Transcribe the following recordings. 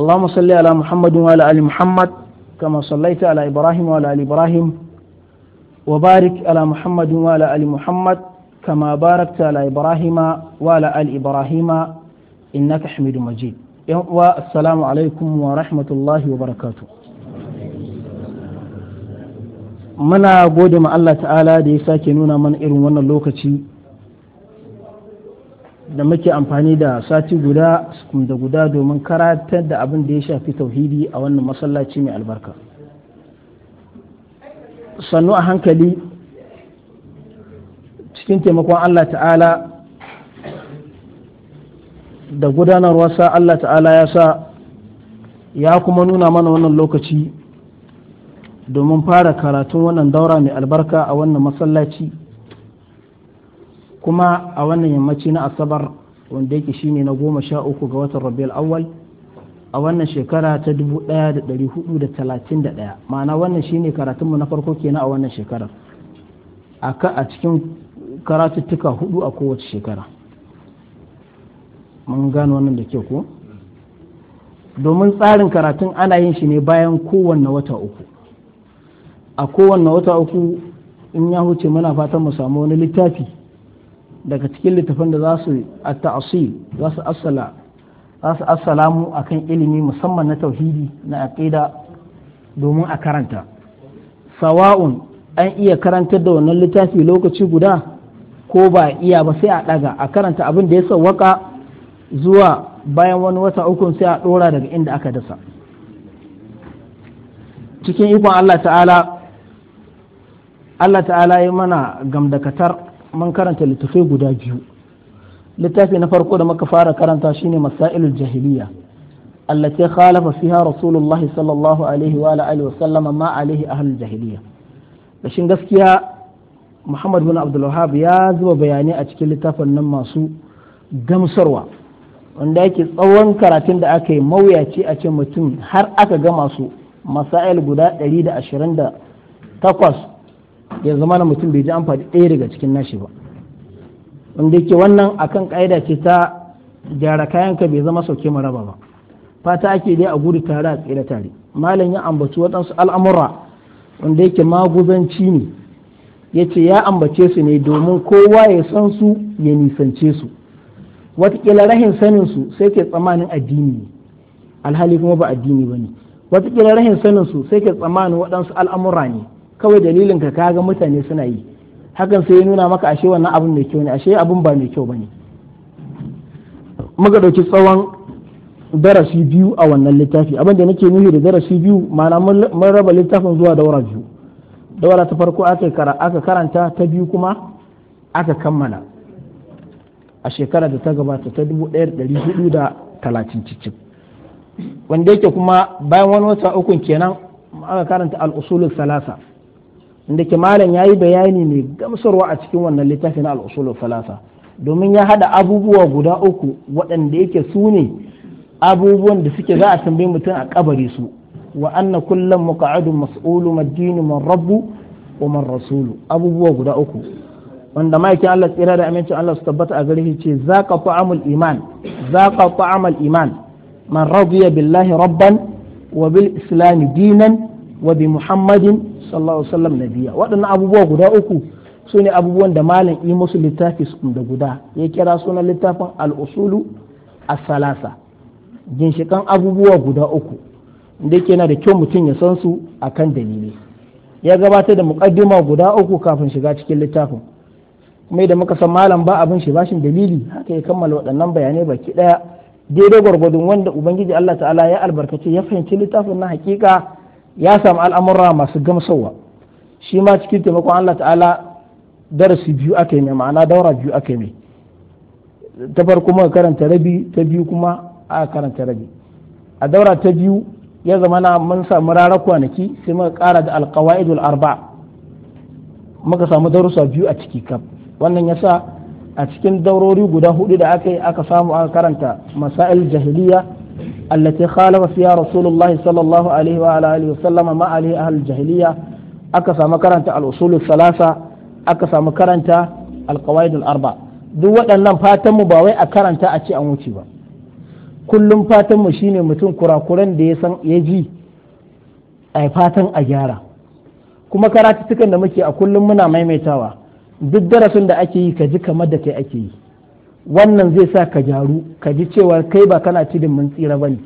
اللهم صل على محمد وعلى ال محمد كما صليت على ابراهيم وعلى ال ابراهيم وبارك على محمد وعلى ال محمد كما باركت على ابراهيم وعلى ال ابراهيم انك حميد مجيد والسلام عليكم ورحمه الله وبركاته muna gode ma Allah ta'ala da ya sake nuna mana irin wannan lokaci da muke amfani da sati guda da guda domin karatar da abin da ya shafi tauhidi a wannan masallaci mai albarka sannu a hankali cikin taimakon Allah ta'ala da gudanar wasa Allah ta'ala ya sa ya kuma nuna mana wannan lokaci domin fara karatun wannan daura mai albarka a wannan masallaci kuma a wannan yammaci na asabar wanda yake shine na goma sha uku ga watan rabiul awwal a wannan shekara ta dubu da da da talatin ɗaya, ma'ana wannan shine karatunmu na farko kenan a wannan shekarar a cikin karatuttuka hudu a kowace shekara mun gano wannan da ke ko domin tsarin karatun ana yin shi ne bayan kowanne wata uku a kowanne wata uku in ya huce muna fatan mu samu wani littafi daga cikin littafin da za su a ta'asil za su za su akan ilimi musamman na tauhidi na aqida domin a karanta sawa'un an iya karantar da wannan littafi lokaci guda ko ba iya ba sai a ɗaga. a karanta abin da ya sawwaka zuwa bayan wani wata uku sai a ɗora daga inda aka dasa cikin ikon Allah ta'ala Allah ta'ala ya mana gamdakatar mun karanta littafai guda biyu littafi na farko da muka fara karanta shine masailul jahiliya allati khalafa fiha rasulullahi sallallahu alaihi wa alihi wa sallam ma alaihi ahlul jahiliya rashin gaskiya Muhammad bin Abdul Wahhab ya zuba bayani a cikin littafin nan masu gamsarwa wanda yake tsawon karatun da aka yi mawuyaci a ce mutum har aka gama su masail guda 128 ya zama na mutum bai ji an faɗi ɗaya daga cikin nashi ba wanda yake wannan akan ƙa'ida ce ta gyara kayan ka bai zama sauke maraba ba fata ake dai a gudu tare a tsira tare malam ya ambaci waɗansu al'amura wanda yake maguzanci ne ya ce ya ambace su ne domin kowa ya san su ya nisance su watakila rahin sanin su sai ke tsamanin addini ne alhali kuma ba addini ba ne watakila rahin sanin su sai ke tsamanin waɗansu al'amura ne kawai dalilin ka kaga mutane suna yi hakan sai ya nuna maka ashe wannan abin mai kyau ne ashe abin ba mai kyau bane muka ɗauki tsawon darasi biyu a wannan littafi abin da nake nuhi da darasi biyu ma'ana mun raba littafin zuwa daura biyu daura ta farko aka karanta ta biyu kuma aka kammala a shekarar da ta gabata ta da da ɗari talatin cicin wanda yake kuma bayan wani wata ukun kenan aka karanta al'usulun salasa inda ke ya yi bayani mai gamsarwa a cikin wannan littafin al-usul falasa domin ya hada abubuwa guda uku waɗanda yake su ne abubuwan da suke za a tambayi mutum a kabari su wa anna kullum muqa'adun mas'ulu madinu man rabbu wa man rasulu abubuwa guda uku wanda ma'aikin Allah tsira da amincin Allah su tabbata a gare shi ce zaqa ta'amul iman zaqa ta'amul iman man radiya billahi rabban wa bil islami dinan wa bi muhammadin sallallahu sallam na biya waɗannan abubuwa guda uku su ne abubuwan da malam yi musu littafi da guda ya kira sunan littafin al'usulu a salasa ginshikan abubuwa guda uku da ke na da kyau mutum ya san su akan dalili ya gabatar da muƙaddima guda uku kafin shiga cikin littafin kuma da muka san malam ba abin shi bashin dalili haka ya kammala waɗannan bayanai baki ɗaya daidai gwargwadon wanda ubangiji Allah ta'ala ya albarkace ya fahimci littafin na hakika ya samu al'amurra masu gamsowa shi ma cikin taimakon Allah ta'ala darasi biyu aka yi mai ma'ana daura biyu aka yi mai ta farko muka karanta rabi ta biyu kuma aka karanta rabi a daura ta biyu ya zama na mun samu rara kwanaki sai muka kara da idul arba muka samu darusa biyu a ciki kam wannan ya sa a cikin daurori guda hudu da aka yi aka samu aka karanta masail jahiliya التي خالف فيها رسول الله صلى الله عليه وعلى آله وسلم ما عليه أهل الجاهلية أكفى مكرنت الأصول الثلاثة أكفى مكرنت القواعد duk waɗannan fatanmu ba wai a karanta a ce an wuce ba kullum fatanmu shine mutum kurakuran da ya san ya ji a fatan a gyara kuma karatuttukan da muke a kullum muna maimaitawa duk darasin da ake yi ka ji kamar da kai ake yi wannan zai sa ka jaru ka ji cewa kai ba kana tudun mun tsira ba ne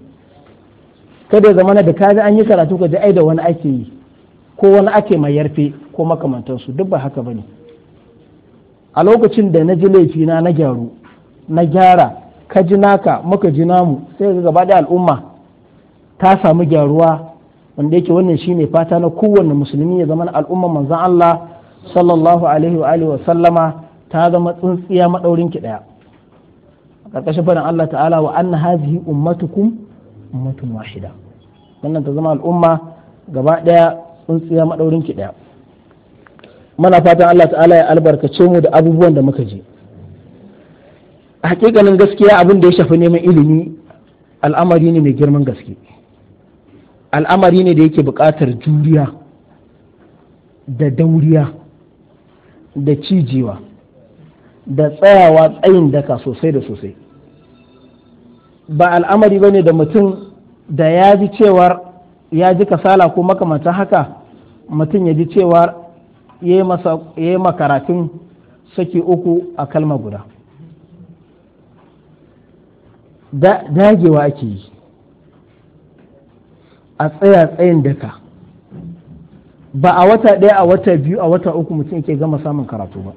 kada ya zama na da ka ji an yi karatu ka ji ai da wani ake yi ko wani ake mai yarfe ko makamantansu duk ba haka ba ne a lokacin da na ji laifina na gyaru na gyara ka ji naka muka ji namu sai ga gaba da al'umma ta samu gyaruwa wanda yake wannan shine fata na kowanne musulmi ya zama al'umma manzon Allah sallallahu alaihi wa sallama ta zama tsintsiya madaurin ki daya ƙarƙashin faɗin Allah ta'ala wa anna hazihi ummatukum ummatun wahida wannan ta zama al'umma gaba ɗaya tsuntsiya maɗaurin ki ɗaya muna fatan Allah ta'ala ya albarkace mu da abubuwan da muka je a hakikanin gaskiya abin da ya shafi neman ilimi al'amari ne mai girman gaske al'amari ne da yake buƙatar juriya da dauriya da cijewa da tsayawa tsayin daka sosai da sosai ba al'amari ba ne da mutum da ya ji cewar ya ji kasala ko makamata haka mutum ya ji cewar ya yi makaratun saki uku a kalma guda dagewa ake yi a tsaya tsayin daka ba a wata ɗaya a wata biyu a wata uku mutum ke gama samun karatu ba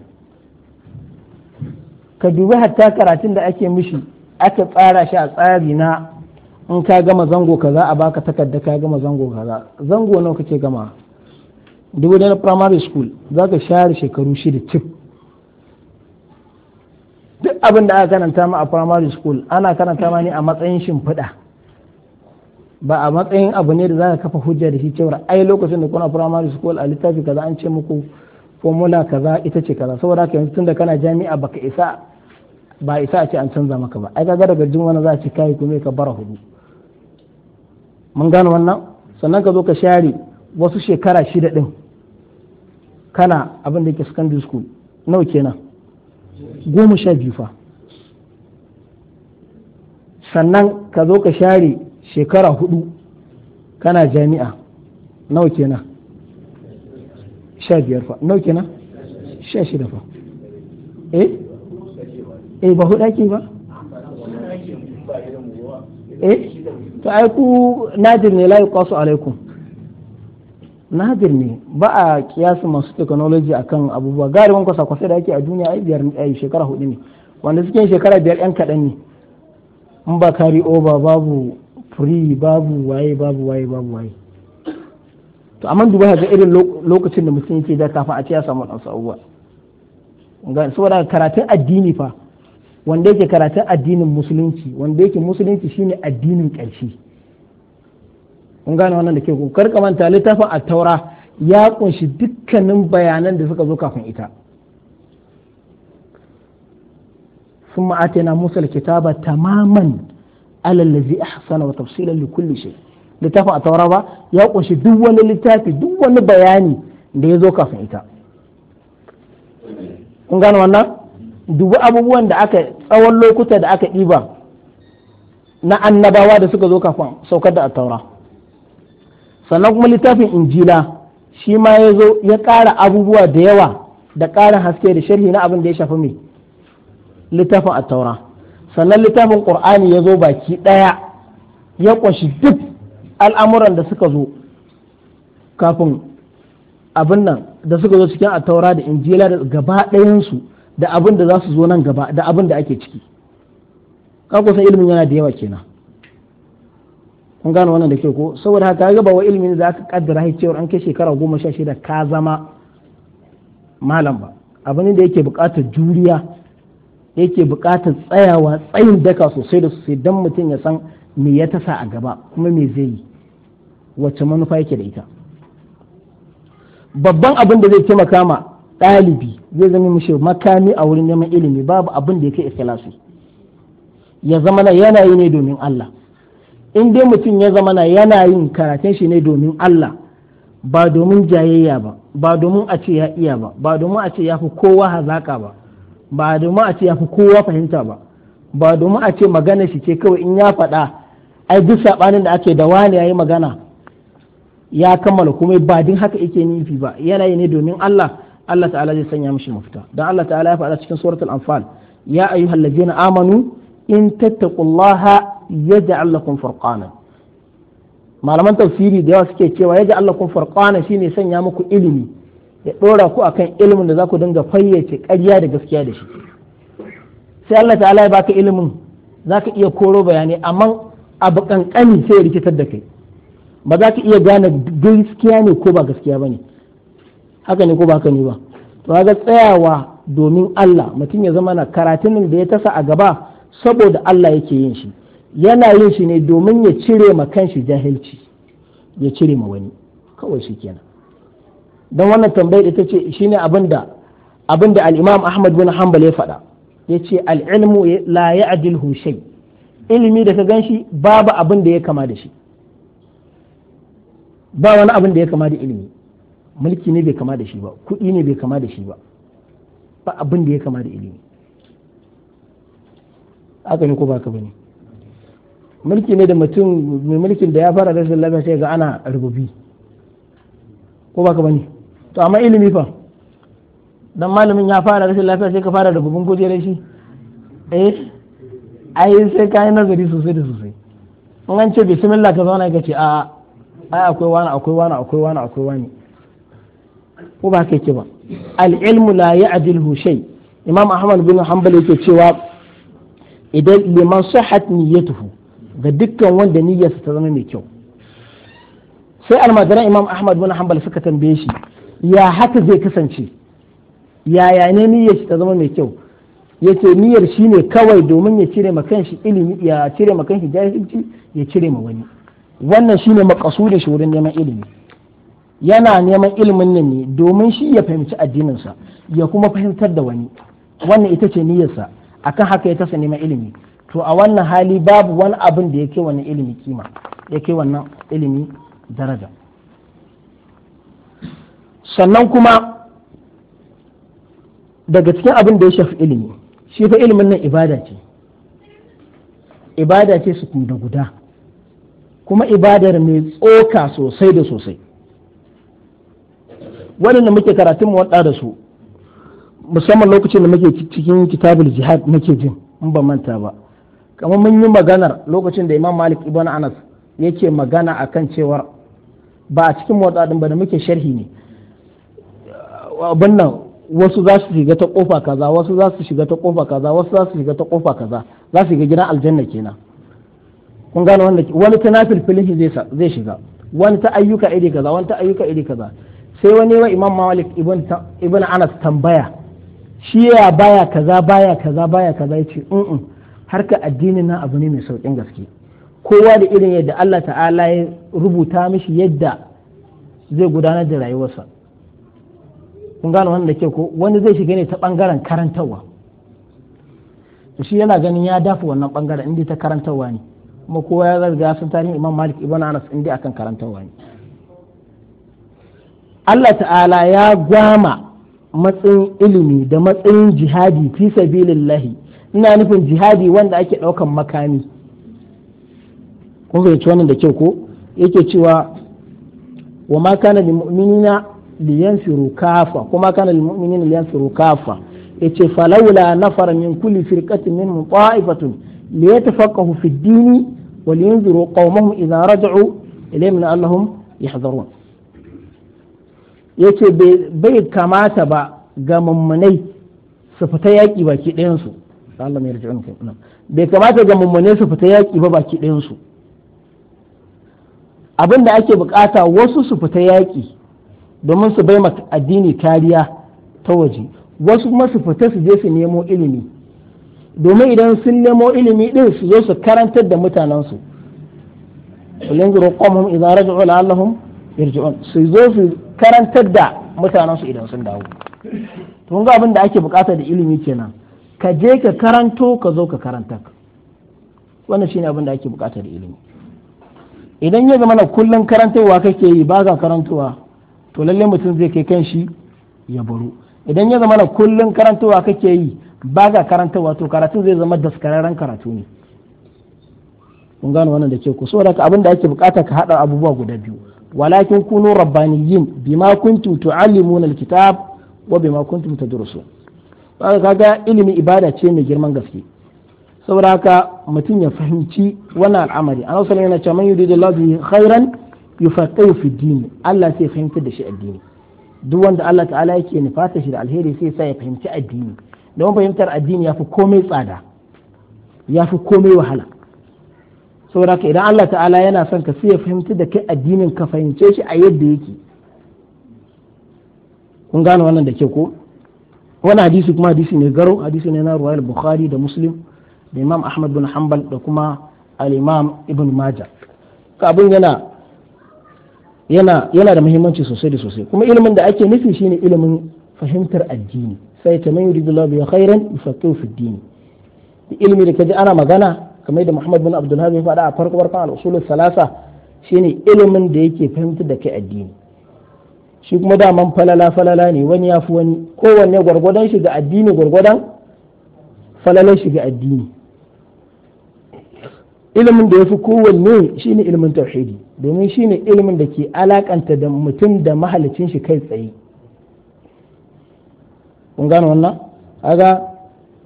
ka dubi hatta karatun da ake mishi aka tsara shi a tsari na in ka gama zango kaza a baka takarda ka gama zango kaza zango nawa kake gama dubu da primary school za ka share shekaru shida cif duk abin da aka karanta ma a primary school ana karanta ma ne a matsayin shimfiɗa ba a matsayin abu ne da za ka kafa hujja da shi cewar ai lokacin da kuna primary school a littafi kaza an ce muku formula kaza ita ce kaza saboda haka yanzu tunda kana jami'a baka isa ba isa a ce an canza maka ba ai ga daga wani za a ce kai kuma ka bara hudu mun gano wannan sannan ka zo ka share wasu shekara shida din kana abin da yake secondary school nawa kenan goma sha biyu fa sannan ka zo ka share shekara hudu kana jami'a nawa kenan sha biyar fa nawa kenan sha shida fa eh eh ba hudu ake ba eh to ai ku nadir ne lai qasu alaikum nadir ne ba a kiyasi masu technology akan abubuwa gariban kwasa-kwasa da ake a duniya ai biyar ai shekara hudu ne wanda suke shekara biyar yan kaɗan ne in ba kari over babu free babu waye babu waye babu waye to amma duba ga irin lokacin da mutum yake da kafa a ce ya samu ɗansa abubuwa saboda karatun addini fa wanda yake karatun addinin musulunci wanda yake musulunci shine addinin ƙarshe kun gane wannan da ke ku manta littafin a taura ya kunshi dukkanin bayanan da suka zo kafin ita sun ثم آتينا kitaba الكتاب تماما على الذي أحسن وتفصيلا لكل شيء littafin a taura ba ya kunshi duk wani littafi duk wani bayani da ya zo kafin ita kun gane wannan dubu abubuwan da aka tsawon lokuta da aka ɗiba na annabawa da suka zo kafin saukar da attaura sannan kuma littafin injila shi ma ya zo ya ƙara abubuwa da yawa da ƙarin haske da sharhi na abin da ya shafi mai littafin attaura sannan littafin ƙur'ani ya zo baki ɗaya ya ƙunshi duk al'amuran da suka zo kafin abin nan da suka zo cikin attaura da injila da gaba ɗayansu da abin da za su zo nan gaba da abin da ake ciki ka ilimin yana da yawa kenan kun gane wannan da ke ko saboda haka ga ba wa ilimin za ka kaddara hai an kai shekara goma sha shida ka zama malam ba abin da yake bukatar juriya yake bukatar tsayawa tsayin daka sosai da sosai don mutum ya san me ya tasa a gaba kuma me zai yi wacce manufa yake da ita babban abin da zai taimaka ma ɗalibi zai zama mishi makami a wurin neman ilimi babu abin da ya kai ikhlasi ya zama na yanayi ne domin Allah in dai mutum ya zama na yanayin karatun shi ne domin Allah ba domin jayayya ba ba domin a ce ya iya ba ba domin a ce ya fi kowa hazaka ba ba domin a ce ya fi kowa fahimta ba ba domin a ce magana shi ce kawai in ya faɗa ai duk saɓanin da ake da wani ya yi magana ya kammala kuma ba din haka yake nufi ba yanayi ne domin Allah Allah ta'ala zai sanya mishi mafita dan Allah ta'ala ya faɗa cikin suratul anfal ya na amanu in tattaqullaha yaj'al lakum furqana malaman tafsiri da yawa suke cewa yaj'al lakum furqana shine sanya muku ilimi ya dora ku akan ilimin da za ku dinga fayyace ƙarya da gaskiya da shi sai Allah ta'ala ya baka ilimin zaka iya koro bayani amma abu kankani sai ya rikitar da kai ba za ka iya gane gaskiya ne ko ba gaskiya ba ne haka ne ko ba haka ne ba to ga tsayawa domin Allah mutum ya zama na karatun da ya tasa a gaba saboda Allah yake yin shi yana yin shi ne domin ya cire ma kanshi jahilci ya cire ma wani kawai shi kenan don wannan tambayar ita ce shine abinda abinda al-Imam Ahmad bin Hanbal ya faɗa yace al-ilmu la ya'dilu shay ilimi da ka ganshi babu abin da ya kama da shi ba wani abin da ya kama da ilimi mulki ne bai kama da shi ba kuɗi ne bai kama da shi ba ba abin da ya kama da ilimi haka ne ko ba ka bane mulki ne da mutum mai mulkin da ya fara rashin lafiya sai ga ana rububi ko ba ka bane to amma ilimi fa dan malamin ya fara rashin lafiya sai ka fara rububin kujerar shi eh ai sai ka yi nazari sosai da sosai in an ce bismillah ka zauna ka ce a ai akwai wani akwai wani akwai wani akwai wani ko ba kai ke ba al'ilmu ilmu la ya'dilhu shay imam ahmad bin hanbal yake cewa idan liman sahhat niyyatuhu ga dukkan wanda niyyarsa ta zama mai kyau sai almajiran imam ahmad bin hanbal suka tambaye shi ya haka zai kasance yaya ne niyyar ta zama mai kyau yace niyyar shine kawai domin ya cire ma kanshi ilimi ya cire ma kanshi jahilci ya cire ma wani wannan shine makasudin shi wurin neman ilimi yana neman ilimin nan ne domin shi ya fahimci addininsa ya kuma fahimtar da wani wannan ita ce niyyarsa akan haka ya tasa neman ilimi to a wannan hali babu wani abin da yake wannan ilimi kima yake wannan ilimi daraja sannan kuma daga cikin abin da ya shafi ilimi shi fa ilimin nan ibada ce ibada ce su guda kuma ibadar mai tsoka sosai da sosai waɗanda muke karatun mu da su musamman lokacin da muke cikin kitabul jihad muke jin in ba manta ba kamar mun yi maganar lokacin da imam malik ibn anas yake magana akan cewar ba a cikin motsa ba da muke sharhi ne abin wasu za su shiga ta kofa kaza wasu za su shiga ta kofa kaza wasu za su shiga ta kofa kaza za su shiga gidan aljanna kenan kun gane wanda wani ta nafil filin zai shiga wani ta ayyuka iri kaza wani ta ayyuka iri kaza sai wani wa imam malik ibn anas tambaya shi ya baya kaza baya kaza baya kaza ya ce in harka addinin nan abu ne mai saukin gaske kowa da irin yadda Allah ta'ala ya rubuta mishi yadda zai gudanar da rayuwarsa kun gane wanda ke ko wani zai shiga ne ta bangaren karantarwa shi yana ganin ya dafa wannan bangaren inda ta karantarwa ne kuma kowa ya zarga sun tarihin imam malik ibn anas inda akan karantarwa ne Allah ta'ala ya gwama matsayin ilimi da matsayin jihadi fi sabilillahi ina nufin jihadi wanda ake ɗaukan makami kun fahimci wannan da kyau ko yake cewa wa ma kana lil mu'minina liyanfiru kafa kuma kana lil mu'minina liyanfiru kafa yace falawla nafara min kulli firqatin minhum ta'ifatun liyatafaqahu fi ad-din wa liyanziru qawmahum idha raja'u ilayhim la'allahum yahzarun ya ce bai kamata ba ga mummunai su fita yaƙi baki ɗayansu Allah mai rajin bai kamata ga mummunai su fita yaƙi ba baki ɗayansu abin da ake bukata wasu su fita yaƙi domin su bai addini kariya ta waje wasu kuma su fita su je su nemo ilimi domin idan sun nemo ilimi din su zo su karantar da mutanensu su yanzu qawmhum idza idan la'allahum yarji'un su zo su karantar da mutanensu idan sun dawo tun ga abin da ake bukata da ilimi kenan ka je ka karanto ka zo ka karanta wannan shine abin da ake bukata da ilimi idan ya zama na kullum karantarwa kake yi ba ga karantowa to lalle mutum zai kai kan shi ya baro idan ya zama na kullum karantowa kake yi ba ga karantarwa to karatu zai zama daskararren karatu ne kun gano wannan da ke ku saboda abin da ake bukata ka hada abubuwa guda biyu walakin kunu rabbaniyin bima kuntum tu'allimuna alkitab wa bima kuntum tadrusun kaga kaga ilimi ibada ce mai girman gaske saboda haka mutum ya fahimci wannan al'amari an wasu yana cewa man yuridillahu bihi khairan yufaqihu fi dini. Allah sai fahimtar da shi addini duk wanda Allah ta'ala yake nufata shi da alheri sai sai ya fahimci addini don fahimtar addini yafi komai tsada yafi komai wahala saboda ka idan Allah ta'ala yana son ka sai ya fahimci da kai addinin ka fahimce shi a yadda yake kun gane wannan da ke ko wani hadisi kuma hadisi ne garo hadisi ne na ruwayar bukhari da muslim da imam ahmad bin hanbal da kuma al-imam ibn maja abin yana yana yana da muhimmanci sosai da sosai kuma ilimin da ake nufi shine ilimin fahimtar addini sai ta man Allah bi khairan yufaqihu fi dini ilimi da kaji ana magana kamar da Muhammad bin Abdul Hamid faɗa a farko farkon al-usul salasa shine ilimin da yake fahimtar da kai addini shi kuma daman falala falala ne wani ya fi wani kowanne gwargwadon shi ga addini gwargwadon falalar shi ga addini ilimin da ya fi kowanne shine ilimin tauhidi domin shine ilimin da ke alakanta da mutum da mahalicin shi kai tsaye kun gano wannan aga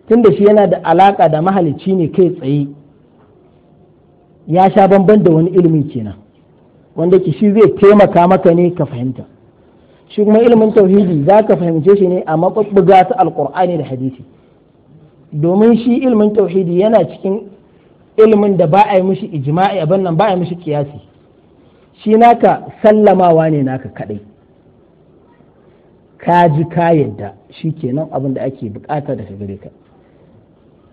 tunda shi yana da alaka da mahalicci ne kai tsaye ya sha bamban da wani ilimin kenan wanda ki shi zai taimaka maka ne ka fahimta shi kuma ilimin tauhidi za ka fahimce shi ne a maɓaɓɓuga ta alƙur'ani da hadisi domin shi ilimin tauhidi yana cikin ilimin da ba a yi mishi ijma'i abin nan ba a yi mishi kiyasi shi naka sallamawa ne naka kaɗai ka ji ka yadda shi kenan abin da ake bukata daga gare ka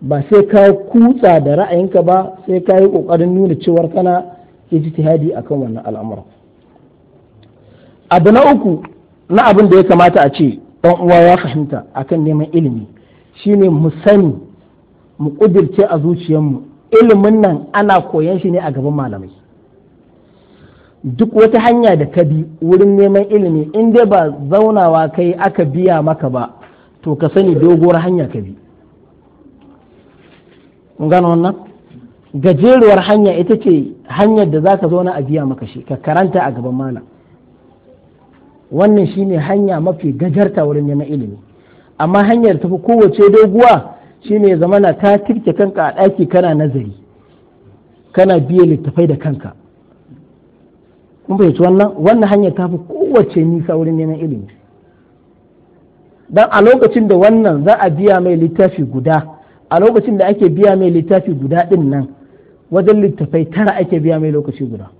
ba sai ka kutsa da ra'ayinka ba sai ka yi ƙoƙarin nuna cewar kana ijtihadi akan wannan al'amura abu na uku na abin da ya kamata a ce dan uwa ya fahimta akan neman ilimi shine mu sani mu kudirce a zuciyarmu ilimin nan ana koyan shi ne a gaban malamai duk wata hanya da ka bi wurin neman ilimi in dai ba zaunawa kai aka biya maka ba to ka sani doguwar hanya ka bi gano wannan gajeruwar hanya ita ce hanyar da za ka zauna a biya maka shi ka karanta a gaban malam wannan shi ne hanya mafi gajarta wurin neman ilimi amma hanyar tafi kowace doguwa shi shine zamana ka tirke kanka a ɗaki kana nazari kana biya littafai da kanka kun fahimci wannan wannan hanyar tafi kowace nisa wurin neman ilimi dan a lokacin da wannan za a biya mai littafi guda a lokacin da ake biya mai littafi guda din nan wajen littafai tara ake biya mai lokaci guda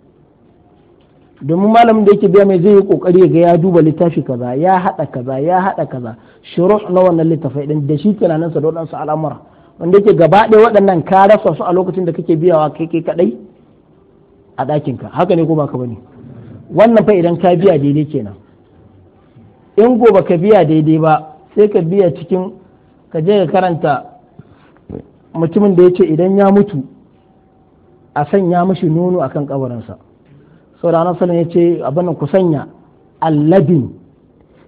domin malamin da yake biya mai zai yi kokari ga ya duba littafi kaza ya haɗa kaza ya haɗa kaza shuruh na wannan littafai din da shi kenan nan sa da wadansu al'amura wanda yake gaba ɗaya waɗannan ka rasa su a lokacin da kake biyawa kai kai kadai a ɗakin ka haka ne ko ba ka bane wannan fa idan ka biya daidai kenan in gobe ka biya daidai ba sai ka biya cikin ka je ka karanta mutumin da ya ce idan ya mutu a sanya mashi nono akan kabarinsa sau da sallallahu ya ce abinan ku sanya allabin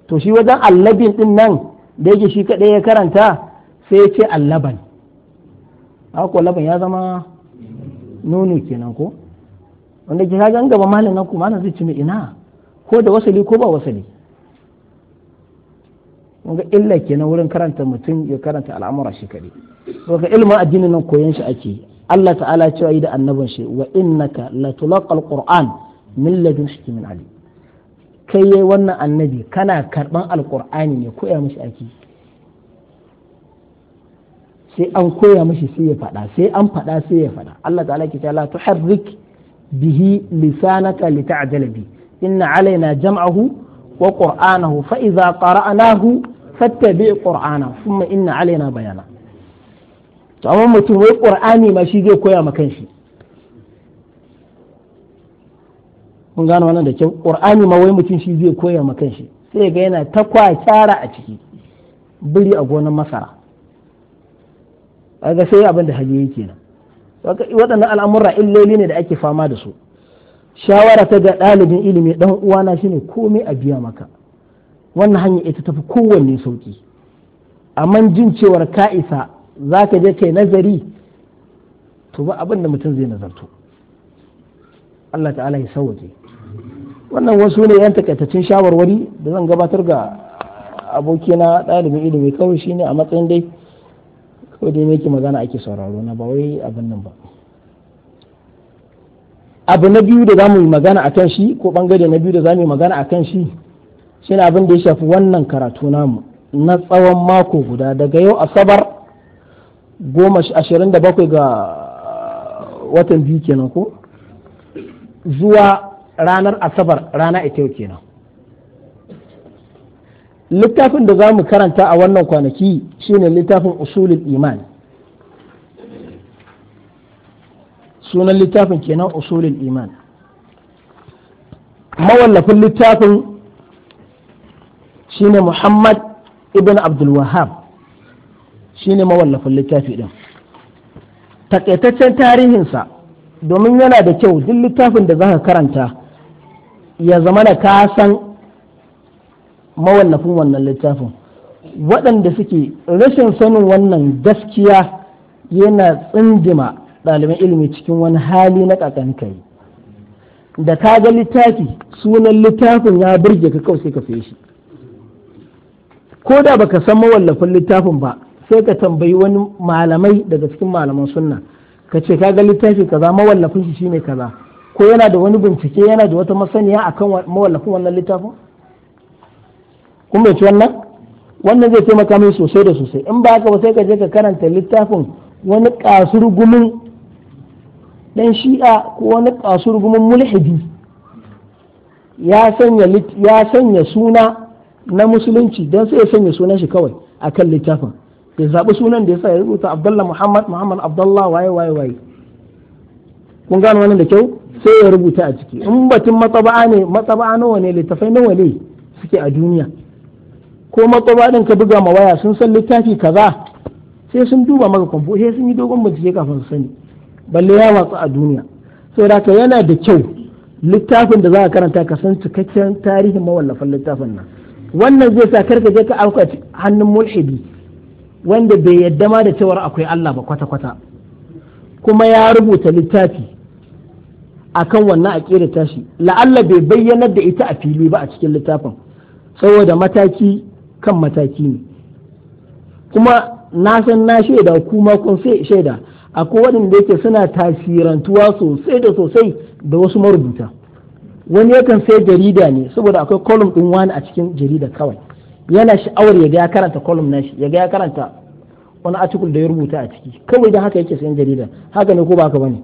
to shi wajen allabin din nan da yake shi kaɗai ya karanta sai ya ce allaban haka laban ya zama nono kenan ko wanda ke kaga gaba nan ku na zai ci ina ko da wasali ko ba wasali kun ga illa kenan wurin karanta mutum ya karanta al'amura shi kaɗai daga ilimin addini nan koyon shi ake Allah ta'ala cewa yi da annabin shi wa innaka la qur'an min ladun hakimin ali kai yayi wannan annabi kana karban alqur'ani ne koya mishi ake sai an koya mishi sai ya faɗa sai an faɗa sai ya faɗa Allah ta'ala ke cewa la tuharrik bihi lisanaka lita'jala bi inna alaina jam'ahu wa qur'anahu fa idza qara'nahu fattabi qur'ana thumma inna alaina bayana to amma mutum wai qur'ani ma shi zai koya ma kanshi mun gano wannan da kyau qur'ani ma wai mutum shi zai koya ma kanshi sai ga yana ta kwakyara a ciki biri a gonar masara kaga sai abin da hali yake nan waɗannan al'amura illoli ne da ake fama da su shawara ta ga ɗalibin ilimi ɗan uwana shine komai a biya maka wannan hanya ita tafi kowanne sauki amma jin cewar ka'isa, za ka je kai nazari to ba abin mutum zai nazarto Allah ta'ala ya sauwaje wannan wasu ne yan takaitaccen shawarwari da zan gabatar ga abokina ɗalibin ilimi kawai shine a matsayin dai kawai dai yake magana ake sauraro na ba wai abin nan ba abu na biyu da za mu yi magana a kan shi ko bangare na biyu da za mu yi magana a kan shi shi abin da ya shafi wannan karatu namu na tsawon mako guda daga yau asabar goma ashirin ga uh, watan biyu kenan ko zuwa ranar asabar rana ita yau kenan littafin da za mu karanta a wannan kwanaki shine littafin usulul iman sunan littafin kenan usulul iman mawallafin littafin shine Muhammad ibn Abdul Wahab shine mawallafin littafi din takaitaccen tarihinsa domin yana da kyau duk littafin da zaka karanta ya zama da ka san mawallafin wannan littafin waɗanda suke rashin sanin wannan gaskiya yana tsindima ɗaliban ilimi cikin wani hali na kakankai da ka ga littafi sunan littafin ya burge ka kawai sai ka saye shi ko da baka san mawallafin littafin ba sai ka tambayi wani malamai daga cikin malaman sunna ka ce ka ga littafi kaza mawallafin shi shine kaza ko yana da wani bincike yana da wata masaniya akan mawallafin wannan littafin kun bai wannan wannan zai taimaka mai sosai da sosai in ba haka ba sai ka je ka karanta littafin wani kasurgumin dan shi'a ko wani kasurgumin mulhidi ya sanya suna na musulunci don sai ya sanya sunan shi kawai akan littafin ya zaɓi sunan da ya sa ya rubuta Abdullah Muhammad Muhammad Abdullah waye waye waye kun gano wani da kyau sai ya rubuta a ciki in batun matsaba'a ne matsaba'a nawa ne littafai nawa ne suke a duniya ko matsaba din ka buga ma waya sun san littafi kaza sai sun duba maka kwamfo sai sun yi dogon bincike kafin su sani balle ya watsu a duniya da haka yana da kyau littafin da za a karanta ka san cikakken tarihin mawallafan littafin nan wannan zai sa karka je ka auka hannun mulhidi wanda bai yadda ma da cewar akwai Allah ba kwata-kwata kuma ya rubuta littafi akan wannan aƙira tashi la'alla bai bayyanar da ita a fili ba a cikin littafin saboda mataki kan mataki ne kuma na san na shaida kuma kun sai shaida akwai waɗanda yake suna tasirantuwa sosai da sosai da wasu marubuta wani yakan sai jarida ne saboda akwai kolum ɗin wani a cikin jarida kawai yana sha'awar ya ga ya karanta kolum shi ya ga ya karanta wani article da ya rubuta a ciki kawai da haka yake sayan jarida haka ne ko ba haka bane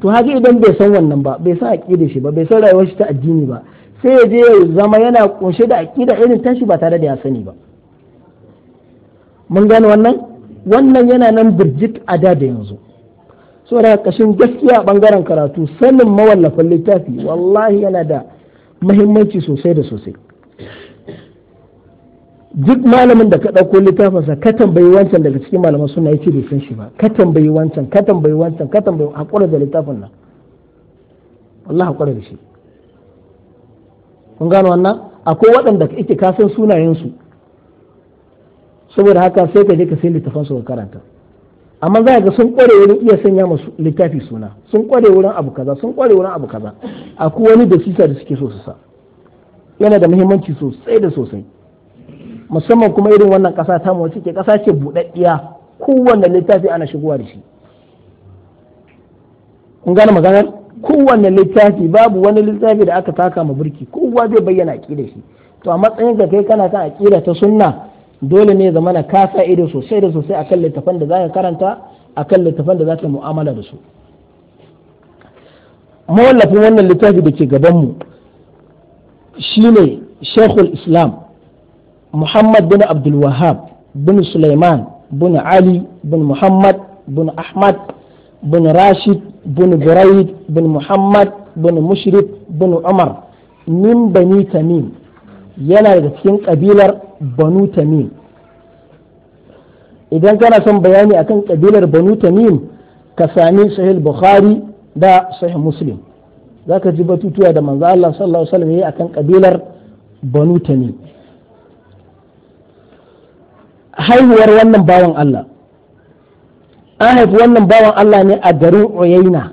to haka idan bai san wannan ba bai san aqidar shi ba bai san rayuwar shi ta addini ba sai ya je ya zama yana kunshe da aqida irin tashi ba tare da ya sani ba mun gane wannan wannan yana nan birjit a da yanzu da kashin gaskiya bangaren karatu sanin mawallafin littafi wallahi yana da muhimmanci sosai da sosai duk malamin da ka ɗauko littafinsa ka tambayi wancan daga cikin malaman suna yake bai san shi ba ka tambayi wancan ka tambayi wancan ka tambayi hakura da littafin nan wallahi hakura da shi kun gano wannan akwai waɗanda ike kasan sunayensu saboda haka sai ka je ka sai littafansu ka karanta amma za ga sun kware wurin iya sanya masu littafi suna sun kware wurin abu kaza sun kware wurin abu kaza akwai wani da sisa da suke so su sa yana da muhimmanci sosai da sosai musamman kuma irin wannan kasa ta mawace ke kasa ce buɗaɗɗiya kowanne littafi ana shigowa da shi kun gane maganar kowanne littafi babu wani littafi da aka taka ma burki kowa zai bayyana kira shi to a matsayin ka kai kana kan kira ta sunna dole ne zamana ka sa ido sosai da sosai akan littafan da zaka karanta akan littafan da zaka mu'amala da su mawallafin wannan littafi da ke gaban mu shine shekul Islam Muhammad bin Abdul wahab bin Sulaiman bin Ali bin Muhammad bin Ahmad bin Rashid bin Buraid bin Muhammad bin mushrik bin Umar min bani Tamim yana daga cikin kabilar banu tamim idan kana son bayani akan kabilar banu tamim ka sami sahih bukhari da sahih muslim za ka ji batutuwa da manzo Allah sallallahu alaihi wasallam akan kabilar banu tamim haihuwar wannan bawan Allah an haifi wannan bawan Allah ne a garin Oyaina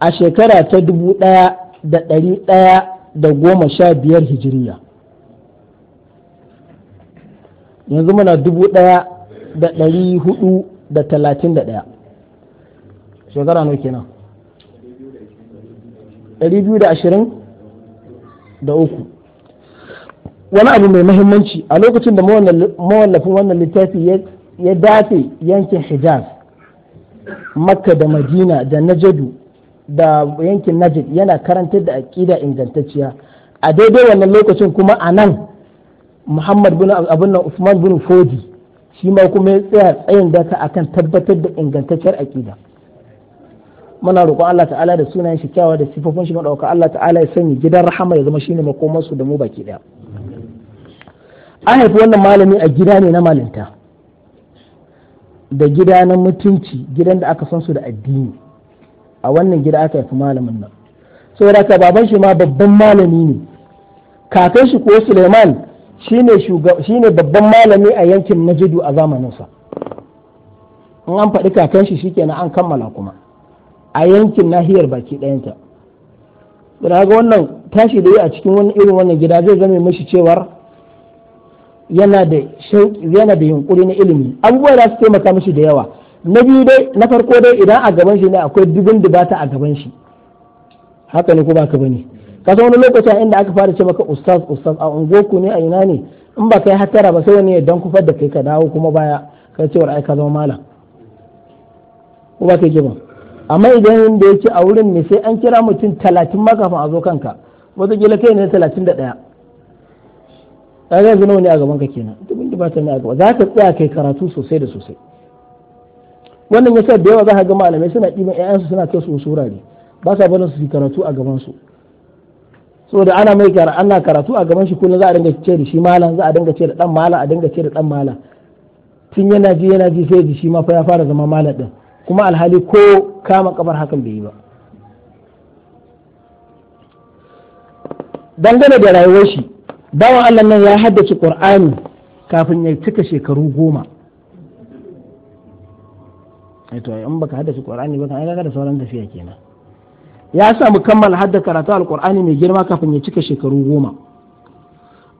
a shekara ta dubu ɗaya da ɗari ɗaya da goma sha biyar hijiriya yanzu muna dubu ɗaya da ɗari hudu da talatin da ɗaya shekara nawa kenan ɗari biyu da ashirin da uku wani abu mai mahimmanci a lokacin da mawallafin wannan littafi ya dafe yankin hijaz makka da madina da najadu da yankin najid yana karantar da aƙida ingantacciya a daidai wannan lokacin kuma a nan muhammad bin abin nan usman bin fodi shi ma kuma ya tsaya tsayin daka akan tabbatar da ingantacciyar aƙida muna roƙon Allah ta'ala da sunayen shi kyawa da sifofin shi madauka Allah ta'ala ya sanya gidan rahama ya zama shine su da mu baki daya an haifi wannan malami a gida ne na malinta da gida na mutunci gidan da aka san su da addini a wannan gida aka haifi malamin nan saboda ka baban shi ma babban malami ne kakan shi ko Suleiman shine babban malami a yankin najidu a zamaninsa in an faɗi kakan shi ke na an kammala kuma a yankin nahiyar baki ɗayanta da ga wannan tashi da yi a cikin wani irin wannan gida zai zama mashi cewar yana da yana da yunkuri na ilimi abubuwa da su taimaka mashi da yawa na biyu dai na farko dai idan a gaban shi ne akwai dubin dubata a gaban shi haka ne ko ba ka bane ka san wani lokaci a inda aka fara ce maka ustaz ustaz a ungoku ne a ina ne in ba kai hatara ba sai wani ya dan kufar da kai ka dawo kuma baya kai cewar ai ka zama malam ko ba kai ji ba amma idan da yake a wurin ne sai an kira mutum talatin ma kafin a zo kanka wata gila kai ne talatin da ɗaya ka ga yanzu ne a gaban ka kenan duk inda ba ta ne a gaba za ka tsaya kai karatu sosai da sosai wannan yasa da yawa za ka ga malamai suna ɗiban 'ya'yansu suna kai su wasu wurare ba sa barin su yi karatu a gaban su so da ana mai kyara ana karatu a gaban shi kullum za a dinga ce da shi malam za a dinga ce da dan malam a dinga ce da dan malam tun yana ji yana ji sai ji shi ma fa ya fara zama malam din kuma alhali ko kama kafar hakan bai yi ba dangane da rayuwar shi bawan Allah nan ya haddace Qur'ani kafin ya cika shekaru goma ai to in baka haddace Qur'ani ba kan ai da sauran tafiya kenan ya sa mu kammala hadda karatu alkur'ani mai girma kafin ya cika shekaru goma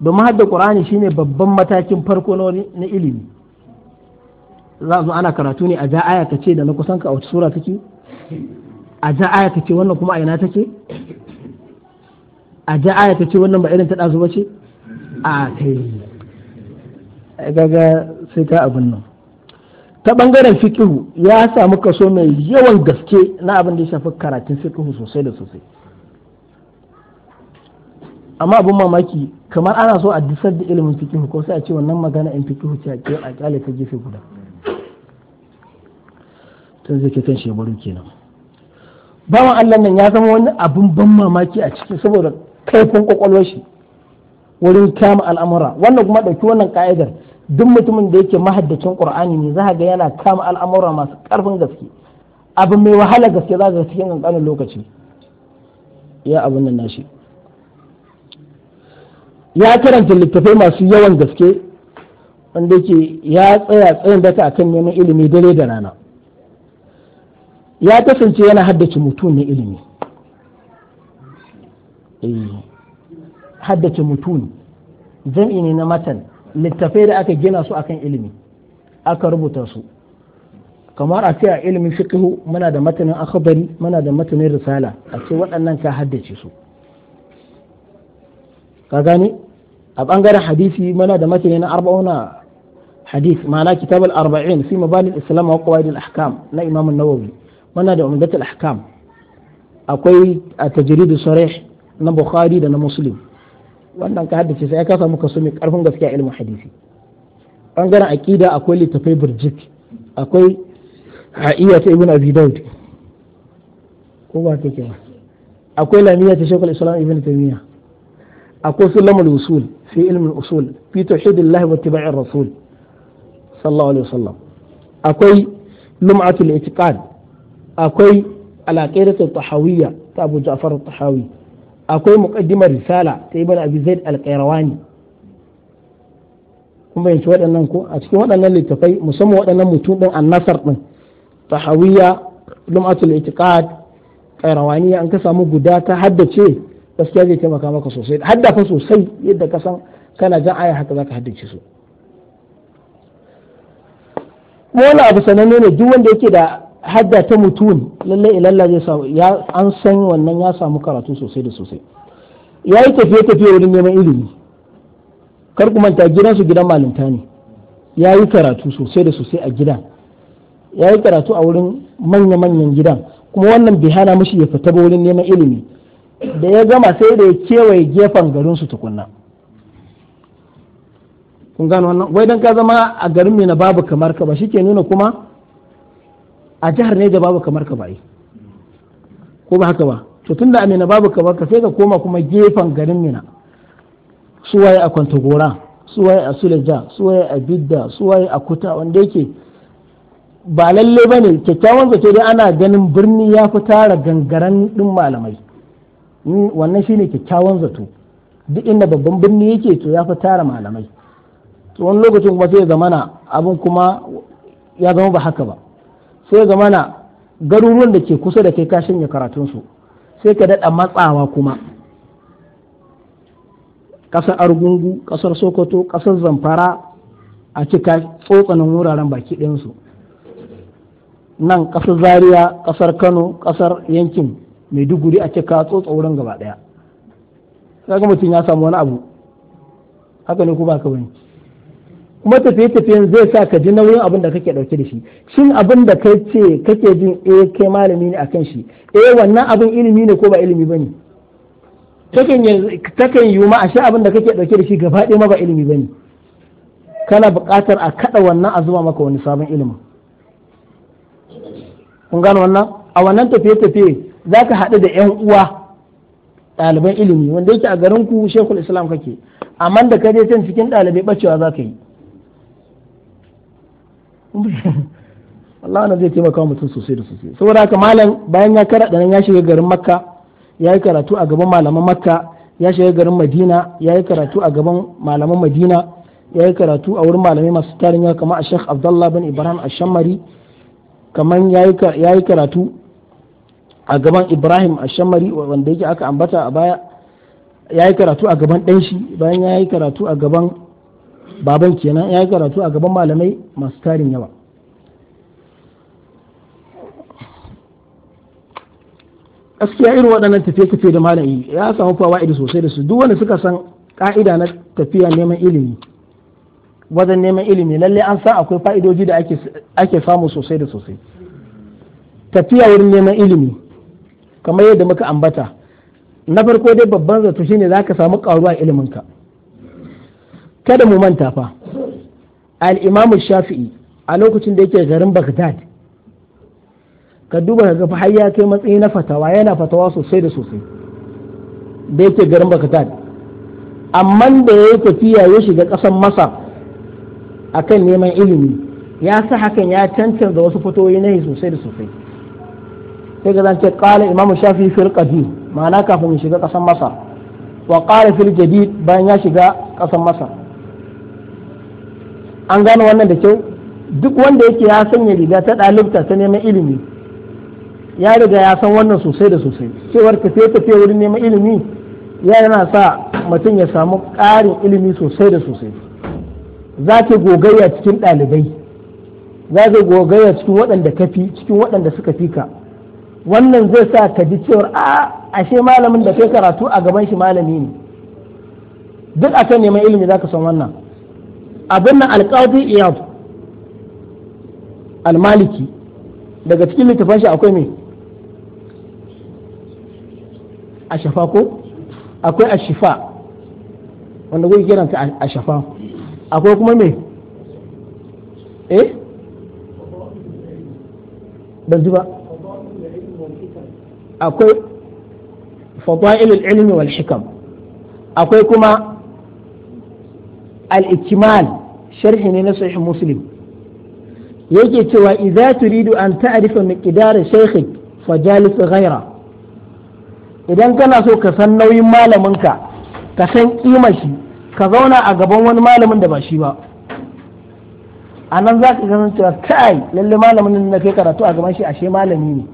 domin hadda qur'ani shine babban matakin farko na ilimi za zo ana karatu ne a ja aya ce da na kusan ka a wata sura take a ja aya ce wannan kuma a ina take a ja aya ce wannan ba irin ta ɗazu ba ce a kai gaga sai ka abin nan ta bangaren fikihu ya samu kaso mai yawan gaske na abin da ya shafi karatun fikihu sosai da sosai amma abin mamaki kamar ana so a disar da ilimin fikihu ko sai a ce wannan magana in fikihu ce a kyale ta gefe guda tun zai shebaru kenan bawan Allah nan ya zama wani abin ban mamaki a ciki saboda kaifin kwakwalwar shi wurin kama al'amura wannan kuma ɗauki wannan ka'idar duk mutumin da yake mahaddacin qur'ani ne za ga yana kama al'amura masu karfin gaske abu mai wahala gaske za ka ga cikin kankanin lokaci ya abin nan nashi ya karanta littattafai masu yawan gaske wanda yake ya tsaya tsayin daka akan neman ilimi dare da rana ya kasance yana haddace mutum na ilimi eh, haddace mutum jam'i ne na matan littafai da aka gina su akan ilimi aka rubuta su kamar a ce a ilimin fiqhu muna da matanin akhbari muna da matanin risala a ce waɗannan ka haddace su ka gani a bangaren hadisi muna da matanin na arba'una hadis ma'ana kitab al-arba'in fi mabani al-islam wa qawaid al-ahkam na imam an-nawawi muna da umdat al-ahkam akwai a tajrid sarih na bukhari da na muslim wannan ka haddace sai ka samu kaso mai karfin gaskiya ilmin hadisi bangaren aqida akwai littafai burjik akwai ha'iya ta ibn abi daud ko ba take ba akwai lamiya ta shekul islam ibn taymiya akwai sulamul usul fi ilmin usul fi tauhidillah wa tibai'ir rasul sallallahu alaihi wasallam akwai lum'atul itiqad akwai alaqidatul tahawiyya ta abu ja'far at-tahawi akwai muƙaddimar risala ta ibn abi zaid al-qayrawani kuma bayyance waɗannan ko a cikin waɗannan littafai musamman waɗannan mutum din annasar din tahawiyya lum'atul itiqad qayrawani an ka samu guda ta haddace gaskiya zai taimaka maka sosai haddafa sosai yadda ka san kana jan aya haka zaka haddace su mola abu sananne ne duk wanda yake da hadda ta mutun lalle ilalla zai samu ya an san wannan ya samu karatu sosai da sosai ya yi tafiye tafiye wurin neman ilimi kar ku manta gidansu gidan malinta ne ya yi karatu sosai da sosai a gidan ya yi karatu a wurin manya manyan gidan kuma wannan bai hana mishi ya fita ba wurin neman ilimi da ya gama sai da ya kewaye gefen garinsu tukunna kun gano wannan wai dan ka zama a garin mai na babu kamar ka ba shi ke nuna kuma a jihar ne da babu kamar ka bai ko ba haka ba to tunda a mina babu kamar ka sai ka koma kuma gefen garin mina waye a kwantagora waye a suleja waye a bidda su waye a kuta wanda yake ba lalle ba ne kyakkyawan zato dai ana ganin birni ya fi tara gangaren din malamai hmm, wannan shine kyakkyawan zato duk inda babban birni yake to ya fi tara malamai to wani lokacin kuma sai zamana abin kuma ya zama ba haka ba sai ga mana garuruwan da ke kusa da kai ka shanye karatunsu sai ka daɗa matsawa kuma ƙasar argungu ƙasar sokoto ƙasar zamfara a cika tsotsanin wuraren baki ɗinsu nan ƙasar zariya ƙasar kano ƙasar yankin maiduguri a cika tsotsa wurin gaba ɗaya kaga mutum ya samu wani abu haka ne ku ba ka wanki kuma tafiye-tafiyen zai sa ka ji nauyin abin da kake dauke da shi shin abin da kai ce kake jin eh kai malami ne akan shi eh wannan abin ilimi ne ko ba ilimi bane takan yi ma ashe abin da kake dauke da shi gaba ɗaya ma ba ilimi bane kana buƙatar a kada wannan a zuba maka wani sabon ilimin kun gano wannan a wannan tafiye-tafiye zaka haɗu da yan uwa ɗaliban ilimi wanda yake a garin ku shekul islam kake amma da ka je can cikin ɗalibai bacewa za ka yi Allah na zai taimaka wa mutum sosai da sosai saboda haka malam bayan ya kara nan ya shiga garin makka ya yi karatu a gaban malaman makka ya shiga garin madina ya yi karatu a gaban malaman madina ya yi karatu a wurin malamai masu tarin yawa kamar a sheikh abdullah bin ibrahim a shamari kamar ya yi karatu a gaban ibrahim a shamari wanda yake aka ambata a baya ya yi karatu a gaban ɗanshi bayan ya yi karatu a gaban baban kenan ya yi karatu a gaban malamai masu tarin yawa gaskiya irin waɗannan tafiye-tafiye da malami ya samu fawa fawa'idi sosai da su duk wanda suka san ka'ida na tafiya neman ilimi wajen neman ilimi lalle an san akwai fa'idoji da ake samu sosai da sosai tafiya wurin neman ilimi kamar yadda muka ambata na farko dai babban zato shine za ka samu karuwa iliminka kada mu manta fa al imamu shafi'i a lokacin da yake garin baghdad ka duba ga fa har ya kai matsayi na fatawa yana fatawa sosai da sosai da yake garin baghdad amma da ya tafiya ya shiga masa masar akan neman ilimi ya sa hakan ya da wasu fatoyi na sosai da sosai sai ga zan ce qala imam shafi'i fil qadim ma'ana kafin ya shiga ƙasan masa, wa qala fil jadid bayan ya shiga ƙasar masa. an gane wannan da kyau duk wanda yake ya sanya riga ta ɗalibta ta neman ilimi ya riga ya san wannan sosai da sosai cewar tafiye-tafiye wurin neman ilimi ya yana sa mutum ya samu ƙarin ilimi sosai da sosai za ka gogayya cikin ɗalibai za ka gogayya cikin waɗanda ka fi cikin waɗanda suka fi ka wannan zai sa ka ji cewar a ashe malamin da kai karatu a gaban shi malami ne duk akan neman ilimi za ka san wannan abin nan alƙadi iyad almaliki daga cikin littafin shi akwai me a shafa ko akwai a shifa wanda kuke ta a shafa akwai kuma me eh ban ji ba akwai fada'ilul ilmi wal hikam akwai kuma al-ikmal sharhi ne na sahih muslim yake cewa idza turidu an ta'rifa miqdar shaykh fa idan kana so ka san nauyin malaminka ka san kimar shi ka zauna a gaban wani malamin da ba shi ba a nan za ka gano cewa kai lalle malamin na kai karatu a gaban shi ashe malami ne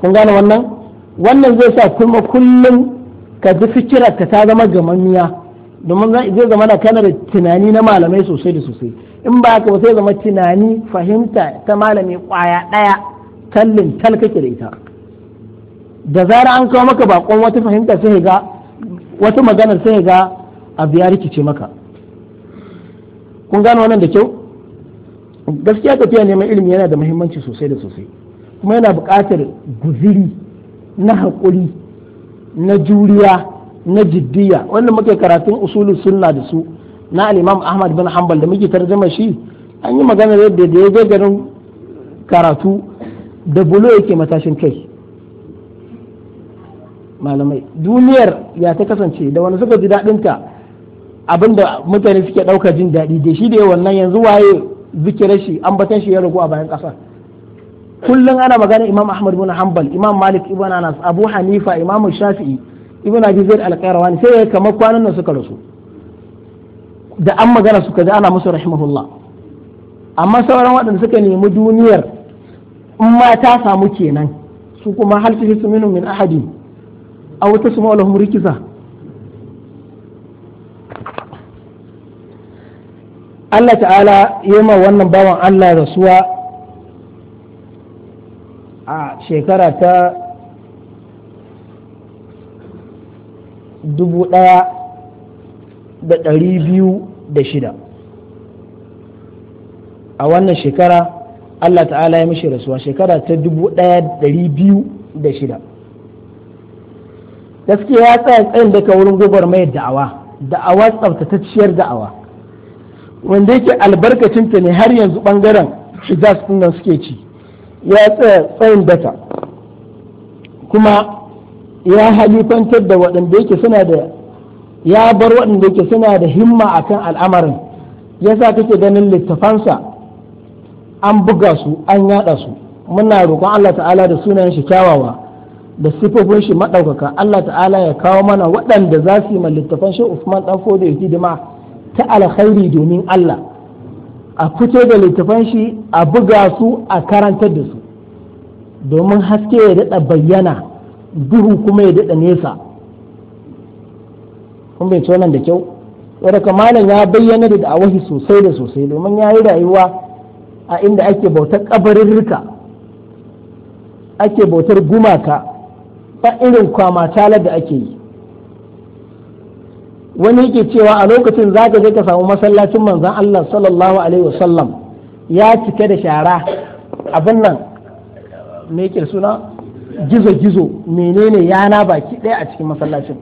kun gane wannan wannan zai sa kuma kullum ka ji fikirarka ta zama gamammiya domin zai zama na kanar da tunani na malamai sosai da sosai in ba ka ba sai zama tunani fahimta ta malami kwaya ɗaya tallin talkake kake da ita da zara an kawo maka bakon wata fahimta sai ga wata maganar sai ga a ya rikice maka kun gano wannan da kyau gaskiya tafiya neman ilimi yana da muhimmanci sosai da sosai kuma yana buƙatar guziri na haƙuri na juriya na jiddiya wannan muke karatun usulul sunna da su na al-imam ahmad bin hanbal da muke tarjama shi an yi magana yadda da ya garin karatu da bulo yake matashin kai malamai duniyar ya ta kasance da wani suka ji daɗinta abinda mutane suke ɗauka jin daɗi da shi da wannan yanzu waye zikirar shi an batar shi ya ragu a bayan ƙasa kullum ana magana imam ahmad bin hanbal imam malik ibn anas abu hanifa imam shafi'i ibn abi zaid al-qayrawani sai ya kamar kwanan nan suka rasu da an magana suka ji ana musu rahimahullah amma sauran waɗanda suka nemi duniyar in ma ta samu kenan su kuma hal tuhisu minhum min ahadi aw tasma'u lahum rikiza Allah ta'ala yema wannan bawan Allah rasuwa a shekara ta dubu ɗaya da ɗari biyu da shida a wannan shekara Allah ta'ala ya mishi rasuwa shekara ta dubu ɗaya da ɗari biyu da shida gaskiya ya tsaya tsayin daga wurin gobar mai da'awa da'awa tsabtatacciyar da'awa wanda yake albarkacinta ne har yanzu bangaren shiga nan suke ci ya tsaya tsayin daka kuma ya halifantar da waɗanda yake suna da ya bar waɗanda yake suna da himma akan al'amarin ya sa kake ganin littafansa an buga su an yada su muna roƙon Allah ta'ala da sunayen shi kyawawa da sifofin shi maɗaukaka Allah ta'ala ya kawo mana waɗanda za su yi ma littafan shi Usman ɗan Fodo ya hidima ta alkhairi domin Allah a fito da littafan shi a buga su a karantar da su domin haske ya daɗa bayyana duhu kuma ya daɗa nesa kun bai wannan da kyau wadda malam ya bayyana da da'awahi sosai da sosai domin ya yi rayuwa a inda ake bautar kabarirrika ake bautar gumaka ba irin kwama talar da ake yi wani yake cewa a lokacin za ka je ka samu masallacin manzan Allah sallallahu alaihi wasallam ya cike da shara abin nan me suna gizo-gizo menene yana baki ɗaya a cikin masallacin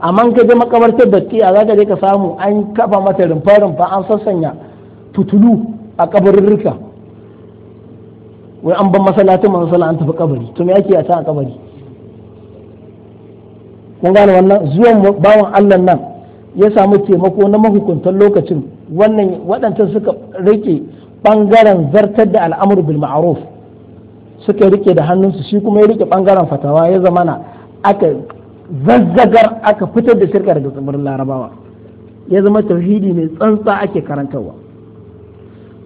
amma ka je makabartar datti za ka je ka samu an kafa mata rumfa-rumfa an sassanya tutulu a kabarurruka wai an ban masallacin masala an tafi kabari to me ake a can a kabari kun gane wannan zuwan bawan Allah nan ya samu taimako na mahukuntan lokacin wannan waɗancan suka rike ɓangaren zartar da al'amur bil ma'ruf suka rike da hannunsu shi kuma ya rike bangaren fatawa ya zamana aka zazzagar aka fitar da shirka daga tsibirin larabawa ya zama tauhidi mai tsantsa ake karantarwa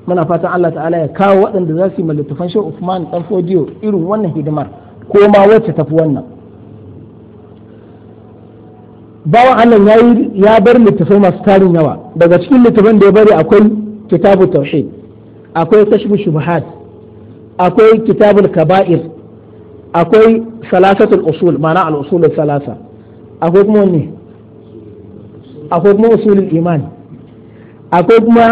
muna fatan Allah ta'ala ya kawo waɗanda za su yi malittafan shi Usman dan Fodiyo irin wannan hidimar ko ma wacce tafi wannan bawan Allah ya bar littafai masu tarin yawa daga cikin littafan da ya bari akwai kitabu tauhid akwai kashfu shubuhat akwai kitabul kaba'ir akwai salasatul usul ma'ana al usul salasa akwai kuma ne akwai kuma usulul iman akwai kuma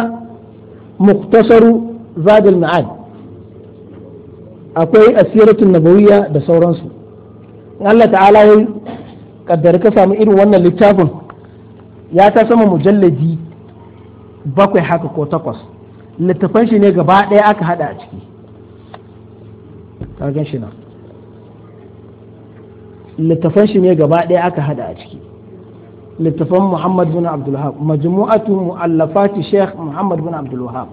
muktasaru zadul ma'ad akwai asiratul nabawiyya da sauransu Allah ta'ala ya kaddara ka samu irin wannan littafin ya ta sama mujalladi bakwai haka ko takwas littafan shi ne gaba ɗaya aka hada a ciki ka gan shi nan littafan shi ne gaba ɗaya aka hada a ciki littafan muhammad bin abdulwahab majmu'atu mu'allafati sheikh muhammad bin abdulwahab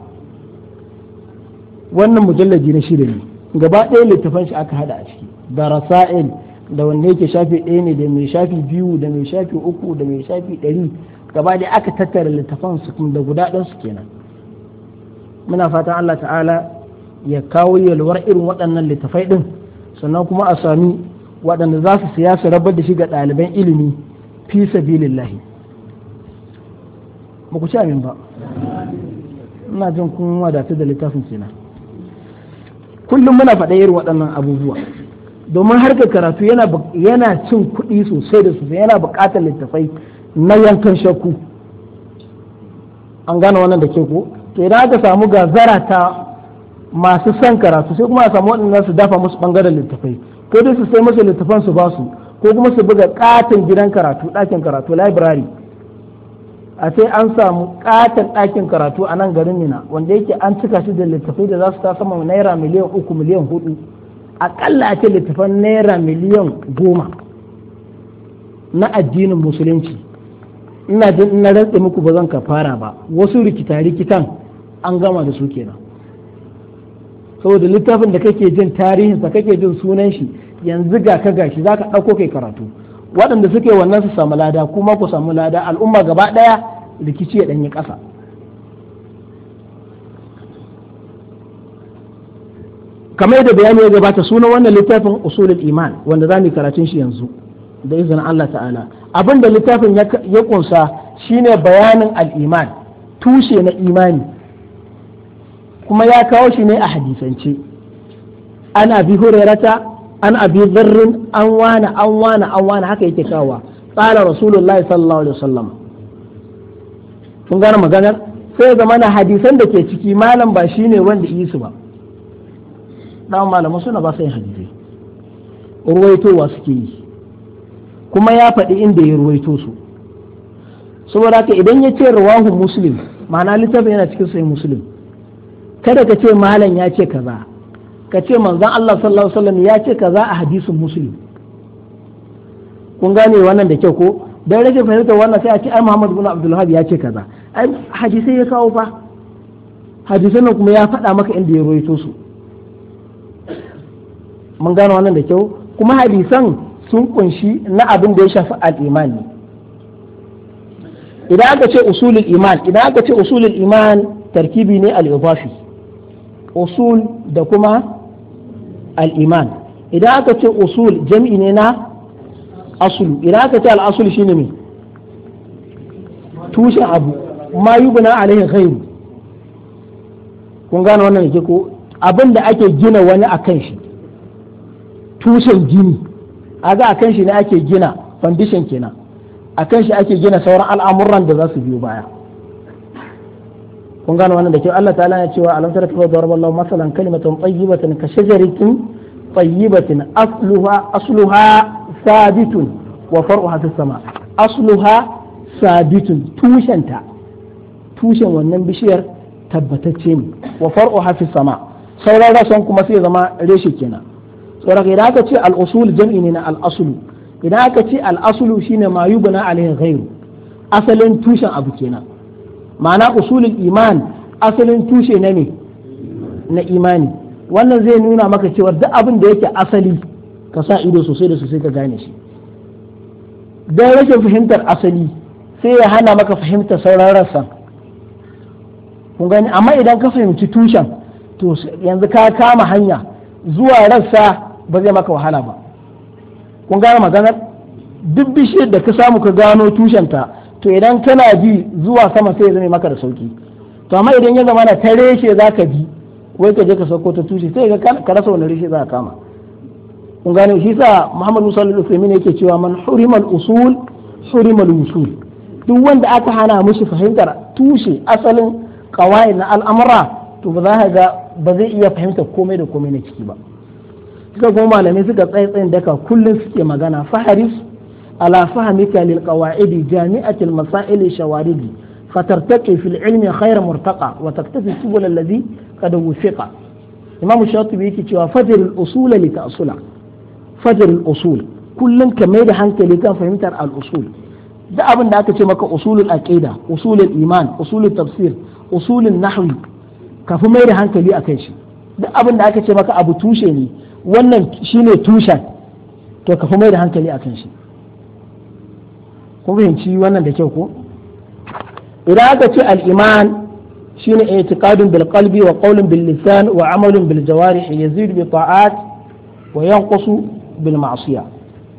wannan mujallaji na shida ne gaba ɗaya littafan shi aka hada a ciki da rasa'il da wanda yake shafi ɗaya ne da mai shafi biyu da mai shafi uku da mai shafi ɗari gaba ɗaya aka tattara littafan su da guda ɗansu kenan muna fatan allah ta'ala ya kawo yalwar irin waɗannan littafai ɗin sannan kuma a sami waɗanda za su siya su rabar da shi ga ɗaliban ilimi fi sabilillahi ba ku ci amin ba ina jin kun wadatu da littafin kenan kullum muna faɗa irin waɗannan abubuwa domin harkar karatu yana cin kuɗi sosai da sosai yana buƙatar littafai na yankan shakku an gane wannan da ke ko to idan aka samu gazara ta masu son karatu sai kuma a samu waɗanda su dafa musu ɓangaren littafai ko dai su sai musu littafan su ba su ko kuma su buga katon gidan karatu ɗakin karatu library a sai an samu katon ɗakin karatu a nan garin nina, wanda yake an cika shi da littafai da za su ta sama naira miliyan uku miliyan hudu akalla a ce littafan naira miliyan goma na addinin musulunci ina jin na rantse muku ba zan ka fara ba wasu rikita rikitan an gama da su kenan saboda littafin da kake jin tarihinsa kake jin sunan shi yanzu ga ka gashi za ka ɗauko kai karatu waɗanda suke wannan su samu lada kuma ku samu lada al'umma gaba ɗaya rikici ya ɗanyi ƙasa kamar yadda bayani ya gabata sunan wannan littafin usulul iman wanda za mu karatun shi yanzu da izinin Allah ta'ala abin da littafin ya kunsa shine bayanin al-iman tushe na imani kuma ya kawo shi ne a hadisance an abi hurairata an abi zarrin an wana an wana an wana haka yake kawa qala rasulullahi sallallahu alaihi wasallam kun gane maganar sai zama na hadisan da ke ciki malam ba shine wanda yi su ba dan malamu suna ba sai hadisi ruwaitowa suke yi kuma ya faɗi inda ya ruwaito su saboda haka idan ya ce rawahu muslim ma'ana littafin yana cikin sai muslim kada ka ce malam ya ce kaza ka ce manzon Allah sallallahu alaihi wasallam ya ce kaza a hadisin muslim kun gane wannan da kyau ko dan rage fahimtar wannan sai a ce ai Muhammad ibn Abdul Wahhab ya ce kaza ai hadisi ya kawo fa hadisin nan kuma ya faɗa maka inda ya roito su mun gane wannan da kyau kuma hadisan sun kunshi na abin da ya shafi al-imani idan aka ce usulul iman idan aka ce usulul iman tarkibi ne al ibafi usul da kuma al'iman idan aka ce usul jam'i ne na asulu idan aka ce al'asul shi ne tushen abu ma yi guna alaihi khairu kun gane wannan ke ko abin da ake gina wani a kan shi tushen gini a ga a kan shi ne ake gina foundation kenan a kan shi ake gina sauran al'amuran da za su biyo baya kun gano wannan da ke Allah ta'ala ya cewa alam tara kafa daraba Allah masalan kalimatan tayyibatin ka shajaratin tayyibatin asluha asluha sabitun wa far'uha fis sama asluha sabitun tushenta tushen wannan bishiyar tabbatacce ne wa far'uha fis sama sauran rasan kuma sai zama reshe kenan tsoraka idan aka ce al-usul jam'i ne na al-aslu idan aka ce al-aslu shine ma yubna alaihi asalin tushen abu kenan ma'ana usulul iman asalin tushe na ne na imani wannan zai nuna maka cewar duk abin da yake asali ka sa ido sosai da sosai ka gane shi don rashin fahimtar asali sai ya hana maka fahimtar sauran rassa kun gani amma idan ka fahimci tushen to yanzu ka kama hanya zuwa rassa ba zai maka wahala ba kun gane maganar duk bishiyar da ka samu ka gano tushenta to idan kana ji zuwa sama sai ya zame maka da sauki to amma idan ya zama na ta reshe za ka ji wai ka je ka sauko ta tushe sai ka rasa wani reshe za ka kama kun gane shi sa Muhammadu Musa al-Uthaymeen yake cewa man hurimal usul hurimal usul duk wanda aka hana mushi fahimtar tushe asalin kawai na al'amura to ba za ga ba zai iya fahimtar komai da komai na ciki ba suka kuma malamai suka tsaye tsayin daka kullum suke magana faharis على فهمك للقواعد جامعة المسائل الشواردي فترتقي في العلم خير مرتقى وتكتفي السبل الذي قد وفق إمام الشاطبي يكي فجر الأصول لتأصلا فجر الأصول kullum ka mai da hankali kan fahimtar al'usul da abin da aka ce maka usulul aqida usulul iman usulul tafsir usulul nahwi ka fi mai da hankali shi duk abin da aka ce maka abu tushe ne wannan shine tushen to mai da hankali shi ko fahimci wannan da kyau ko idan aka ce al-iman shine i'tiqadun bil qalbi wa qawlun bil lisan wa amalun bil jawarih yazid bi ta'at wa yanqusu bil ma'siyah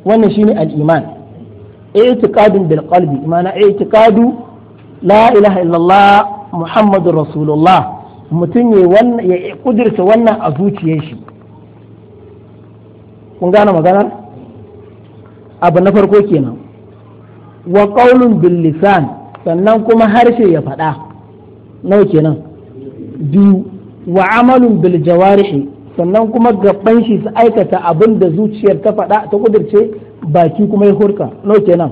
wannan shine al-iman i'tiqadun bil qalbi ma'ana i'tiqadu la ilaha illallah muhammadur rasulullah mutum ya wannan ya kudirta wannan a zuciyar shi kun gane maganar abu na farko kenan wa ƙaunin bil lisan sannan kuma harshe ya faɗa nawa kenan biyu wa amalin bil sannan kuma gaban shi su aikata abin da zuciyar ta faɗa ta kudirce baki kuma ya hurka nawa kenan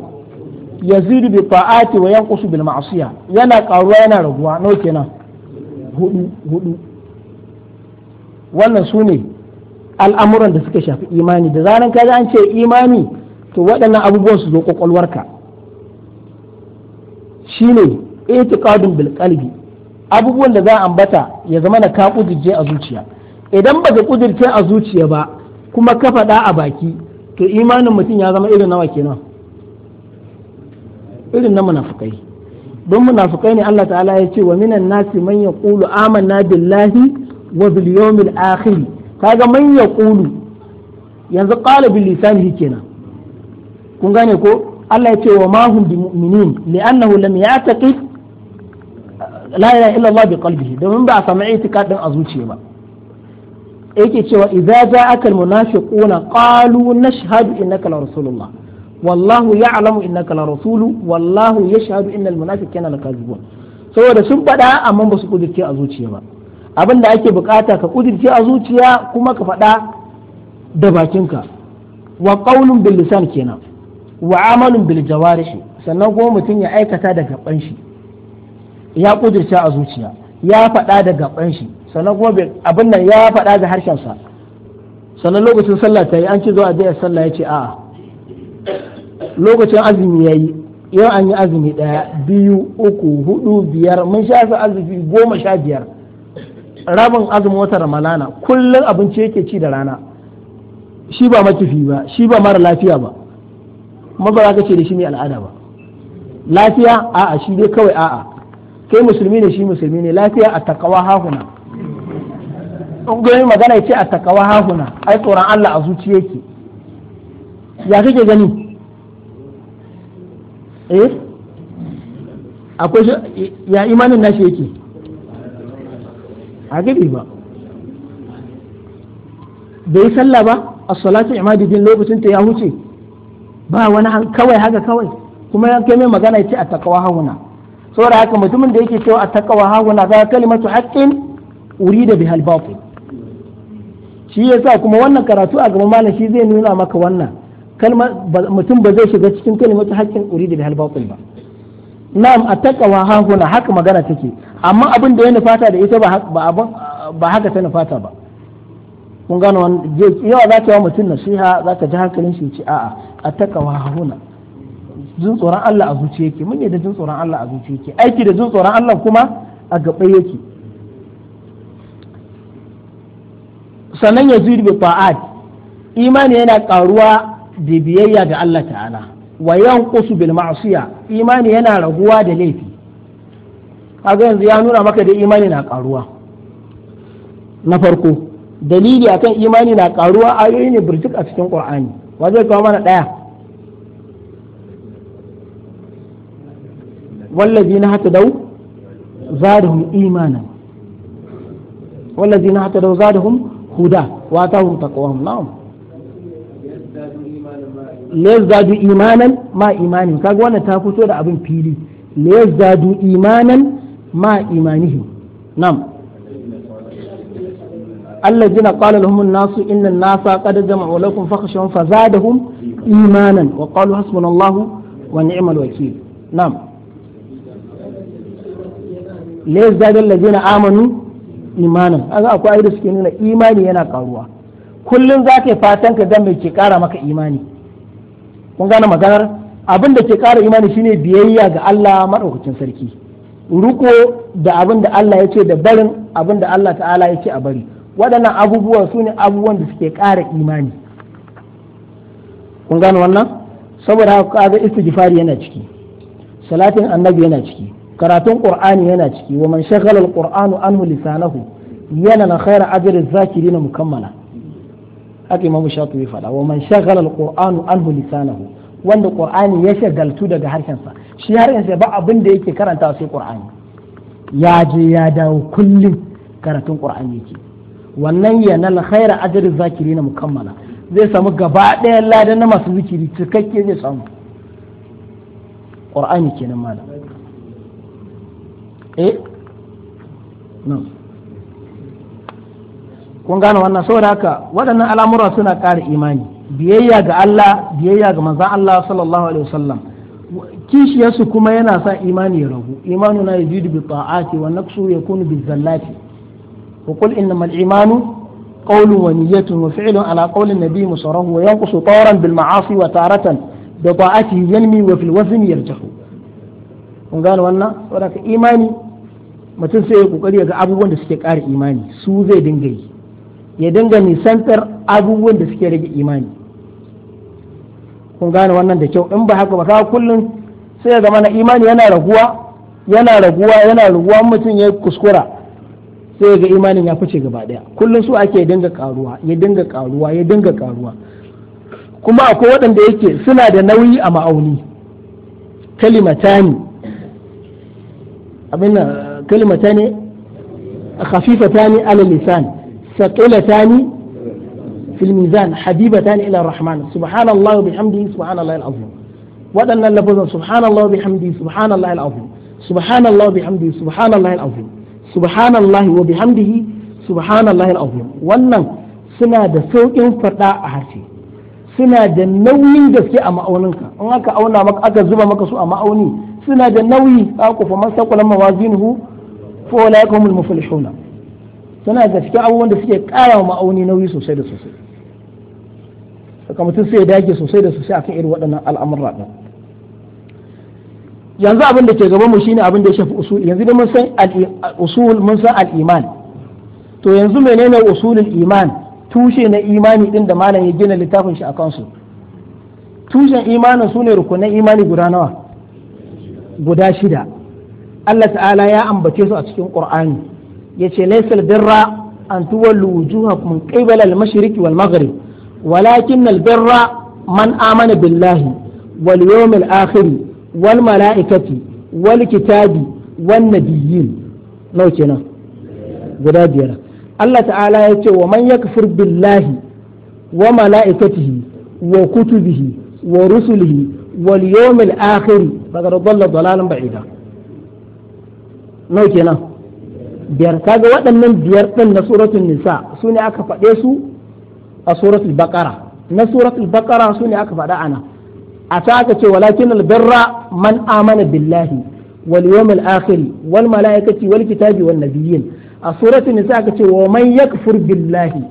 yazidu bi fa'ati wa kusu bil ma'asiya yana ƙaruwa yana raguwa nawa kenan hudu hudu wannan su ne al'amuran da suka shafi imani da zaran ka an ce imani to waɗannan abubuwan su zo ƙwaƙwalwarka. shine itiqadun bil qalbi abubuwan da za a ambata ya zama na ka kudirce a zuciya idan ba ka kudirce a zuciya ba kuma ka faɗa a baki to imanin mutum ya zama irin nawa kenan irin na munafukai don munafukai ne Allah ta'ala ya ce wa minan nasi man yaqulu amanna billahi wa bil yawmil akhir kaga man yaqulu yanzu qala bil lisanihi kenan kun gane ko Allah ya ce wa ma bi mu'minin li'annahu lam ya'taqid la ilaha illa Allah bi qalbihi domin ba a samu itikadin a zuciya ba yake cewa idza ja'aka al-munafiquna qalu nashhadu innaka la rasulullah wallahu ya'lamu innaka la rasulu wallahu yashhadu innal munafiqina lakazibun saboda sun faɗa amma ba su a zuciya ba abinda da ake bukata ka kudirce a zuciya kuma ka faɗa da bakinka wa qaulun bil lisan kenan wa amalun bil jawarihi sannan kuma mutum ya aikata da gaban shi ya kudirce a zuciya ya faɗa da gaban shi sannan kuma abin nan ya faɗa da harshensa sannan lokacin sallah ta yi an ce zo a je sallah ya ce a'a lokacin azumi ya yi yau an yi azumi ɗaya biyu uku hudu biyar mun sha su azumi goma sha biyar rabin azumin wata ramalana kullum abinci yake ci da rana shi ba makifi ba shi ba mara lafiya ba kuma ba za ka ce da shi mai al'ada ba lafiya a'a shi dai kawai a'a kai musulmi ne shi musulmi ne lafiya a takawa hahuna ungoyin magana ya ce a takawa hahuna ai tsoron Allah a zuciya yake ya kake gani eh akwai shi ya imanin nashi yake a gabi ba bai sallah ba a salatu imadidin lokacin ta ya huce ba wani kawai haka kawai kuma ya kai mai magana ya ce a takawa hauna saboda haka mutumin da yake cewa a takawa hauna masu kalimatu wuri da bihal batil shi yasa kuma wannan karatu a gaban malam shi zai nuna maka wannan mutum ba zai shiga cikin kalimatu wuri da bihal batil ba na'am a takawa hauna haka magana take amma abin da ya nufata da ita ba haka ta nufata ba kun gano yawa za ta yi wa mutum nasiha za ta ji hankalin shi ce a'a a takawa hauna jin tsoron Allah a zuciya yake mun yadda jin tsoron Allah a zuciya yake aiki da jin tsoron Allah kuma a gaba yake sannan ya zuri bi ta'at imani yana karuwa da biyayya ga Allah ta'ala wa yanqusu bil ma'siya imani yana raguwa da laifi kaga yanzu ya nuna maka da imani na karuwa na farko dalili akan imani na karuwa ayoyi ne burjik a cikin qur'ani wa zai kawo mana ɗaya wallazi na hata dau zadahum imana wallazi na hata dau zadahum huda wa tahum taqwahum na'am liyazdadu imanan ma imanin kaga wannan ta fito da abin fili liyazdadu imanan ma imanihim na'am الذين قال لهم الناس إن الناس قد جمعوا لكم فخشهم فزادهم إيمانا وقالوا حسبنا الله ونعم الوكيل نعم ليزداد الذين آمنوا إيمانا هذا أكو أي رسكي نونا إيماني أنا قاروا كل ذاك فاتنك دم الكارة مك إيماني kun gane maganar abin da ke ƙara imani shine biyayya ga Allah maɗaukacin sarki ruko da abin da Allah ya ce da barin abin da Allah ta'ala ya ce a bari waɗannan abubuwan su ne abubuwan da suke ƙara imani kun gano wannan saboda haka kaga istighfari yana ciki salatin annabi yana ciki karatun qur'ani yana ciki wa man shaghala alqur'anu anhu lisanahu yana na khaira ajrin zakirin mukammala haka imamu shafi'i fada wa man shaghala alqur'anu anhu lisanahu wanda qur'ani ya shagaltu daga harshensa shi harshensa ba abin da yake karanta sai qur'ani ya je ya dawo kullum karatun qur'ani yake wannan ya na khaira ajarin zakiri na mukammala zai samu gaba ɗaya ladan na masu zikiri cikakke zai samu qur'ani kenan mala eh nan kun gane wannan saboda haka waɗannan al'amura suna ƙara imani biyayya ga Allah biyayya ga manzon Allah sallallahu alaihi wasallam kishiyarsu kuma yana sa imani ya ragu imanu na yazidu bi ta'ati wa naqsu yakunu bi zallati وقل إنما الإيمان قول ونية وفعل على قول النبي مصره وينقص طورا بالمعاصي وتارة بطاعته ينمي وفي الوزن يرجح قال وانا وراك إيماني ما sai ya kokari أبو ga abubuwan إيماني suke دنجي يدنجني سنتر أبو dinga yi إيماني kun gane wannan da kyau in ba haka ba ka kullun sai ya zama na imani yana raguwa yana raguwa yana raguwa mutum ya kuskura sai ga imanin ya fice gaba daya kullum su ake dinga karuwa ya dinga karuwa ya dinga karuwa kuma akwai waɗanda yake suna da nauyi a ma'auni kalimatani abin nan kalimatani khafifatani ala lisan saqilatani fil mizan habibatani ila rahman subhanallah wa bihamdihi subhanallah al-azim waɗannan lafazan subhanallah wa bihamdihi subhanallah al-azim subhanallahi wa bihamdihi subhanallah al-azim subhanallahi wa bihamdihi subhanallahi al'azim wannan suna da sauƙin faɗa a harshe suna da nauyin gaske a ma'auninka in aka auna maka aka zuba maka su a ma'auni suna da nauyi a kufa masakulan mawazinuhu fa wala yakumul muflihuna suna da cikin abubuwan da suke ƙara wa ma'auni nauyi sosai da sosai saka mutum sai ya dage sosai da sosai akan irin waɗannan al'amurra ɗin yanzu abin da ke gaban mu shine abin da ya shafi usul yanzu da mun san usul mun san al-iman to yanzu menene usulul iman tushe na imani din da malam ya gina littafin shi akan su tushen imanin su ne rukunan imani guda nawa guda shida Allah ta'ala ya ambace su a cikin Qur'ani yace laysal birra an tuwallu wujuhakum qibala al-mashriqi wal maghrib walakin al-birra man amana billahi wal yawmil akhir wal mala'ikati wal kitabi wan nabiyyin nau kenan guda biyar Allah ta'ala ya ce wa man yakfur billahi wa mala'ikatihi wa kutubihi wa rusulihi wal yawmil akhir faqad dhalla dhalalan ba'ida nau kenan biyar kaga waɗannan biyar ɗin na suratul nisa su aka faɗe a suratul Baƙara. na suratul Baƙara su aka faɗa ana a ta aka ce walakin albirra man amana billahi wal yawmil akhir wal malaikati wal kitabi wan nabiyyin a suratul nisa aka ce wa man yakfur billahi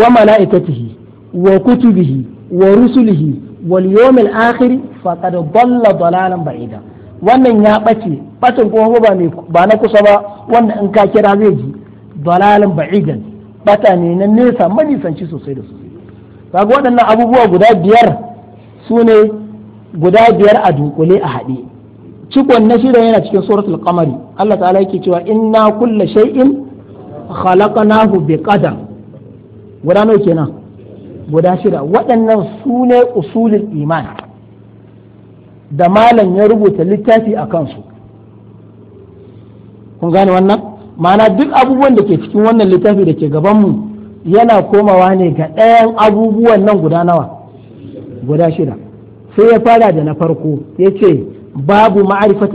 wa malaikatihi wa kutubihi wa rusulihi wal yawmil akhir faqad dalla dalalan ba'ida wannan ya bace bacin kuma ba ba na kusa ba wannan in ka kira zai ji dalalan ba'idan bata ne na nesa manisanci sosai da sosai kaga waɗannan abubuwa guda biyar su ne guda biyar a dunkule a haɗe cikon na shida yana cikin suratul qamari Allah ta'ala yake cewa inna kulla shay'in khalaqnahu bi qadar guda nawa kenan guda shida waɗannan su ne usulul iman da malam ya rubuta littafi a kansu kun gane wannan ma'ana duk abubuwan da ke cikin wannan littafi da ke gabanmu yana komawa ne ga ɗayan abubuwan nan guda nawa guda shida sai ya fara da na farko ya ce babu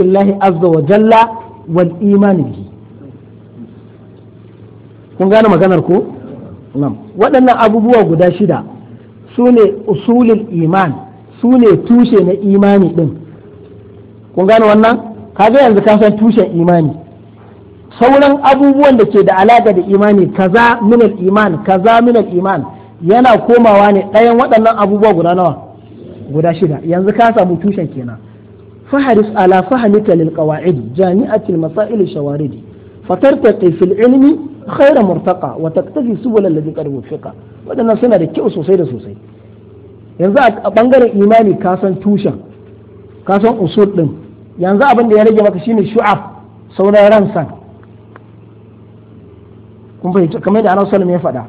lahi azza wa jalla wal imani bihi kun gane maganar ko waɗannan abubuwa guda shida su ne usulul iman su ne tushe na imani ɗin kun gane wannan kaga yanzu ka san tushen imani sauran abubuwan da ke da alaka da imani kaza minal iman kaza minal iman yana komawa ne ɗayan waɗannan abubuwa guda nawa guda shida yanzu ka samu tushen kenan faharis ala fahimika lil qawaid jami'at al masail al shawarid fatartaqi fil ilmi khayra murtaqa wa taktafi subul alladhi qad wufiqa waɗannan suna da kyau sosai da sosai yanzu a bangaren imani ka san tushen ka san usul din yanzu abin da ya rage maka shine shu'ab sauran ransan kun fahimta kamar da annabi sallallahu ya faɗa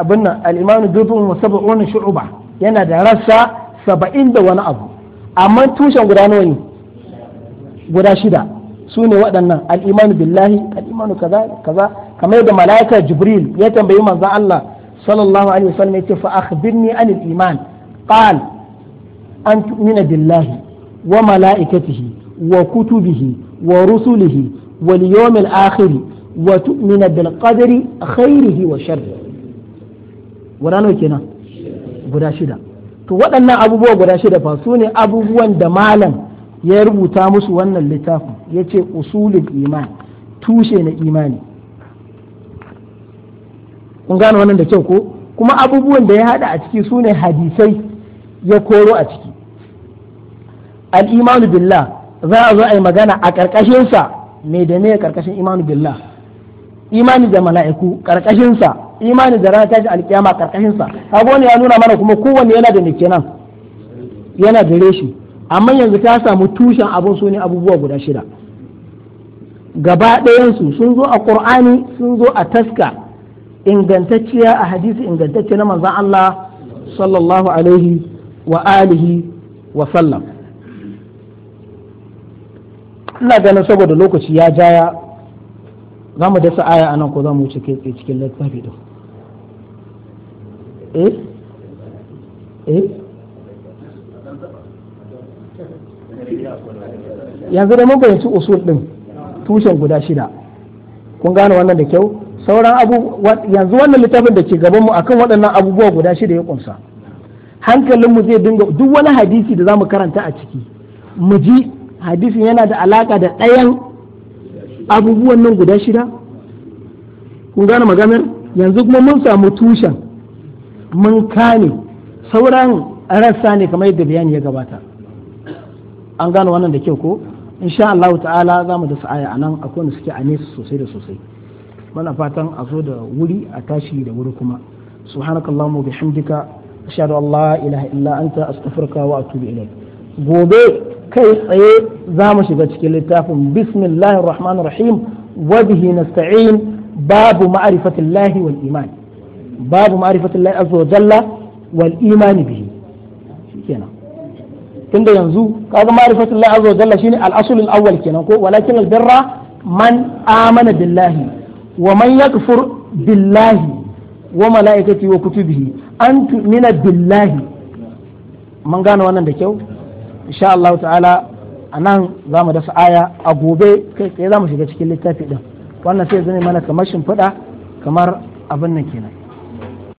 abin nan al-imanu bidun wa sab'una shu'ba yana da rassa saba'in da wani abu amma tushen guda nawa ne guda shida su ne waɗannan al-imanu billahi al-imanu kaza kaza kamar yadda malaika jibril ya tambayi manzo Allah sallallahu alaihi wasallam yace fa akhbirni anil iman qal an tu'mina billahi wa malaikatihi wa kutubihi wa rusulihi wal yawmil akhir وتؤمن بالقدر خيره وشره ورانو wa غدا guda nawa kenan guda shida to waɗannan abubuwa guda shida fa su ne abubuwan da malam ya rubuta musu wannan littafin ya ce usulul iman tushe na imani kun gane wannan da kyau ko kuma abubuwan da ya hada a ciki sune hadisai ya koro a ciki al-imanu billah za a zo a yi magana a ƙarƙashinsa mai da ne ƙarƙashin imanu billah imani da mala'iku karkashin sa imani da ranar tashi alkiyama karkashin sa kaga wani ya nuna mana kuma kowanne yana da nake nan yana da reshi amma yanzu ta samu tushen abun su abubuwa guda shida gaba ɗayansu sun zo a qur'ani sun zo a taska ingantacciya a hadisi ingantacce na manzon Allah sallallahu alaihi wa alihi wa sallam ina ganin saboda lokaci ya jaya za mu dasa aya a nan ko za mu wuce kai tsaye cikin littafi ɗin eh? Eh? yanzu da mun bayyanci usul ɗin tushen guda shida kun gane wannan da kyau sauran abubuwa yanzu wannan littafin da ke gaban mu akan waɗannan abubuwa guda shida ya kunsa hankalinmu zai dinga duk wani hadisi da za mu karanta a ciki mu ji hadisin yana da alaka da ɗayan abubuwan nan guda shida kun gane maganar yanzu kuma mun samu tushen mun kane sauran rassa ne kamar yadda bayani ya gabata an gane wannan da kyau ko insha Allah ta'ala za mu da sa'aya a nan akwai wanda suke a nesa sosai da sosai mana fatan a zo da wuri a tashi da wuri kuma wa bihamdika ashhadu an la ilaha illa anta astaghfiruka wa atubu ilai gobe kai tsaye za mu shiga cikin littafin bismillahir rahmanir rahim wa bihi nasta'in babu ma'rifatillahi wal iman babu ma'rifatillahi azza wa jalla wal iman bihi kenan tunda yanzu kaga ma'rifatillahi azza wa jalla shine al-aslul awwal kenan ko walakin al-birra man amana billahi wa man yakfur billahi wa malaikati wa kutubihi an tu'mina billahi man gane wannan da kyau insha Allah ta'ala a nan za mu dasa aya a gobe kai tsaye za mu shiga cikin littafi ɗin wannan sai zane mana kamar shimfiɗa kamar abin nan kenan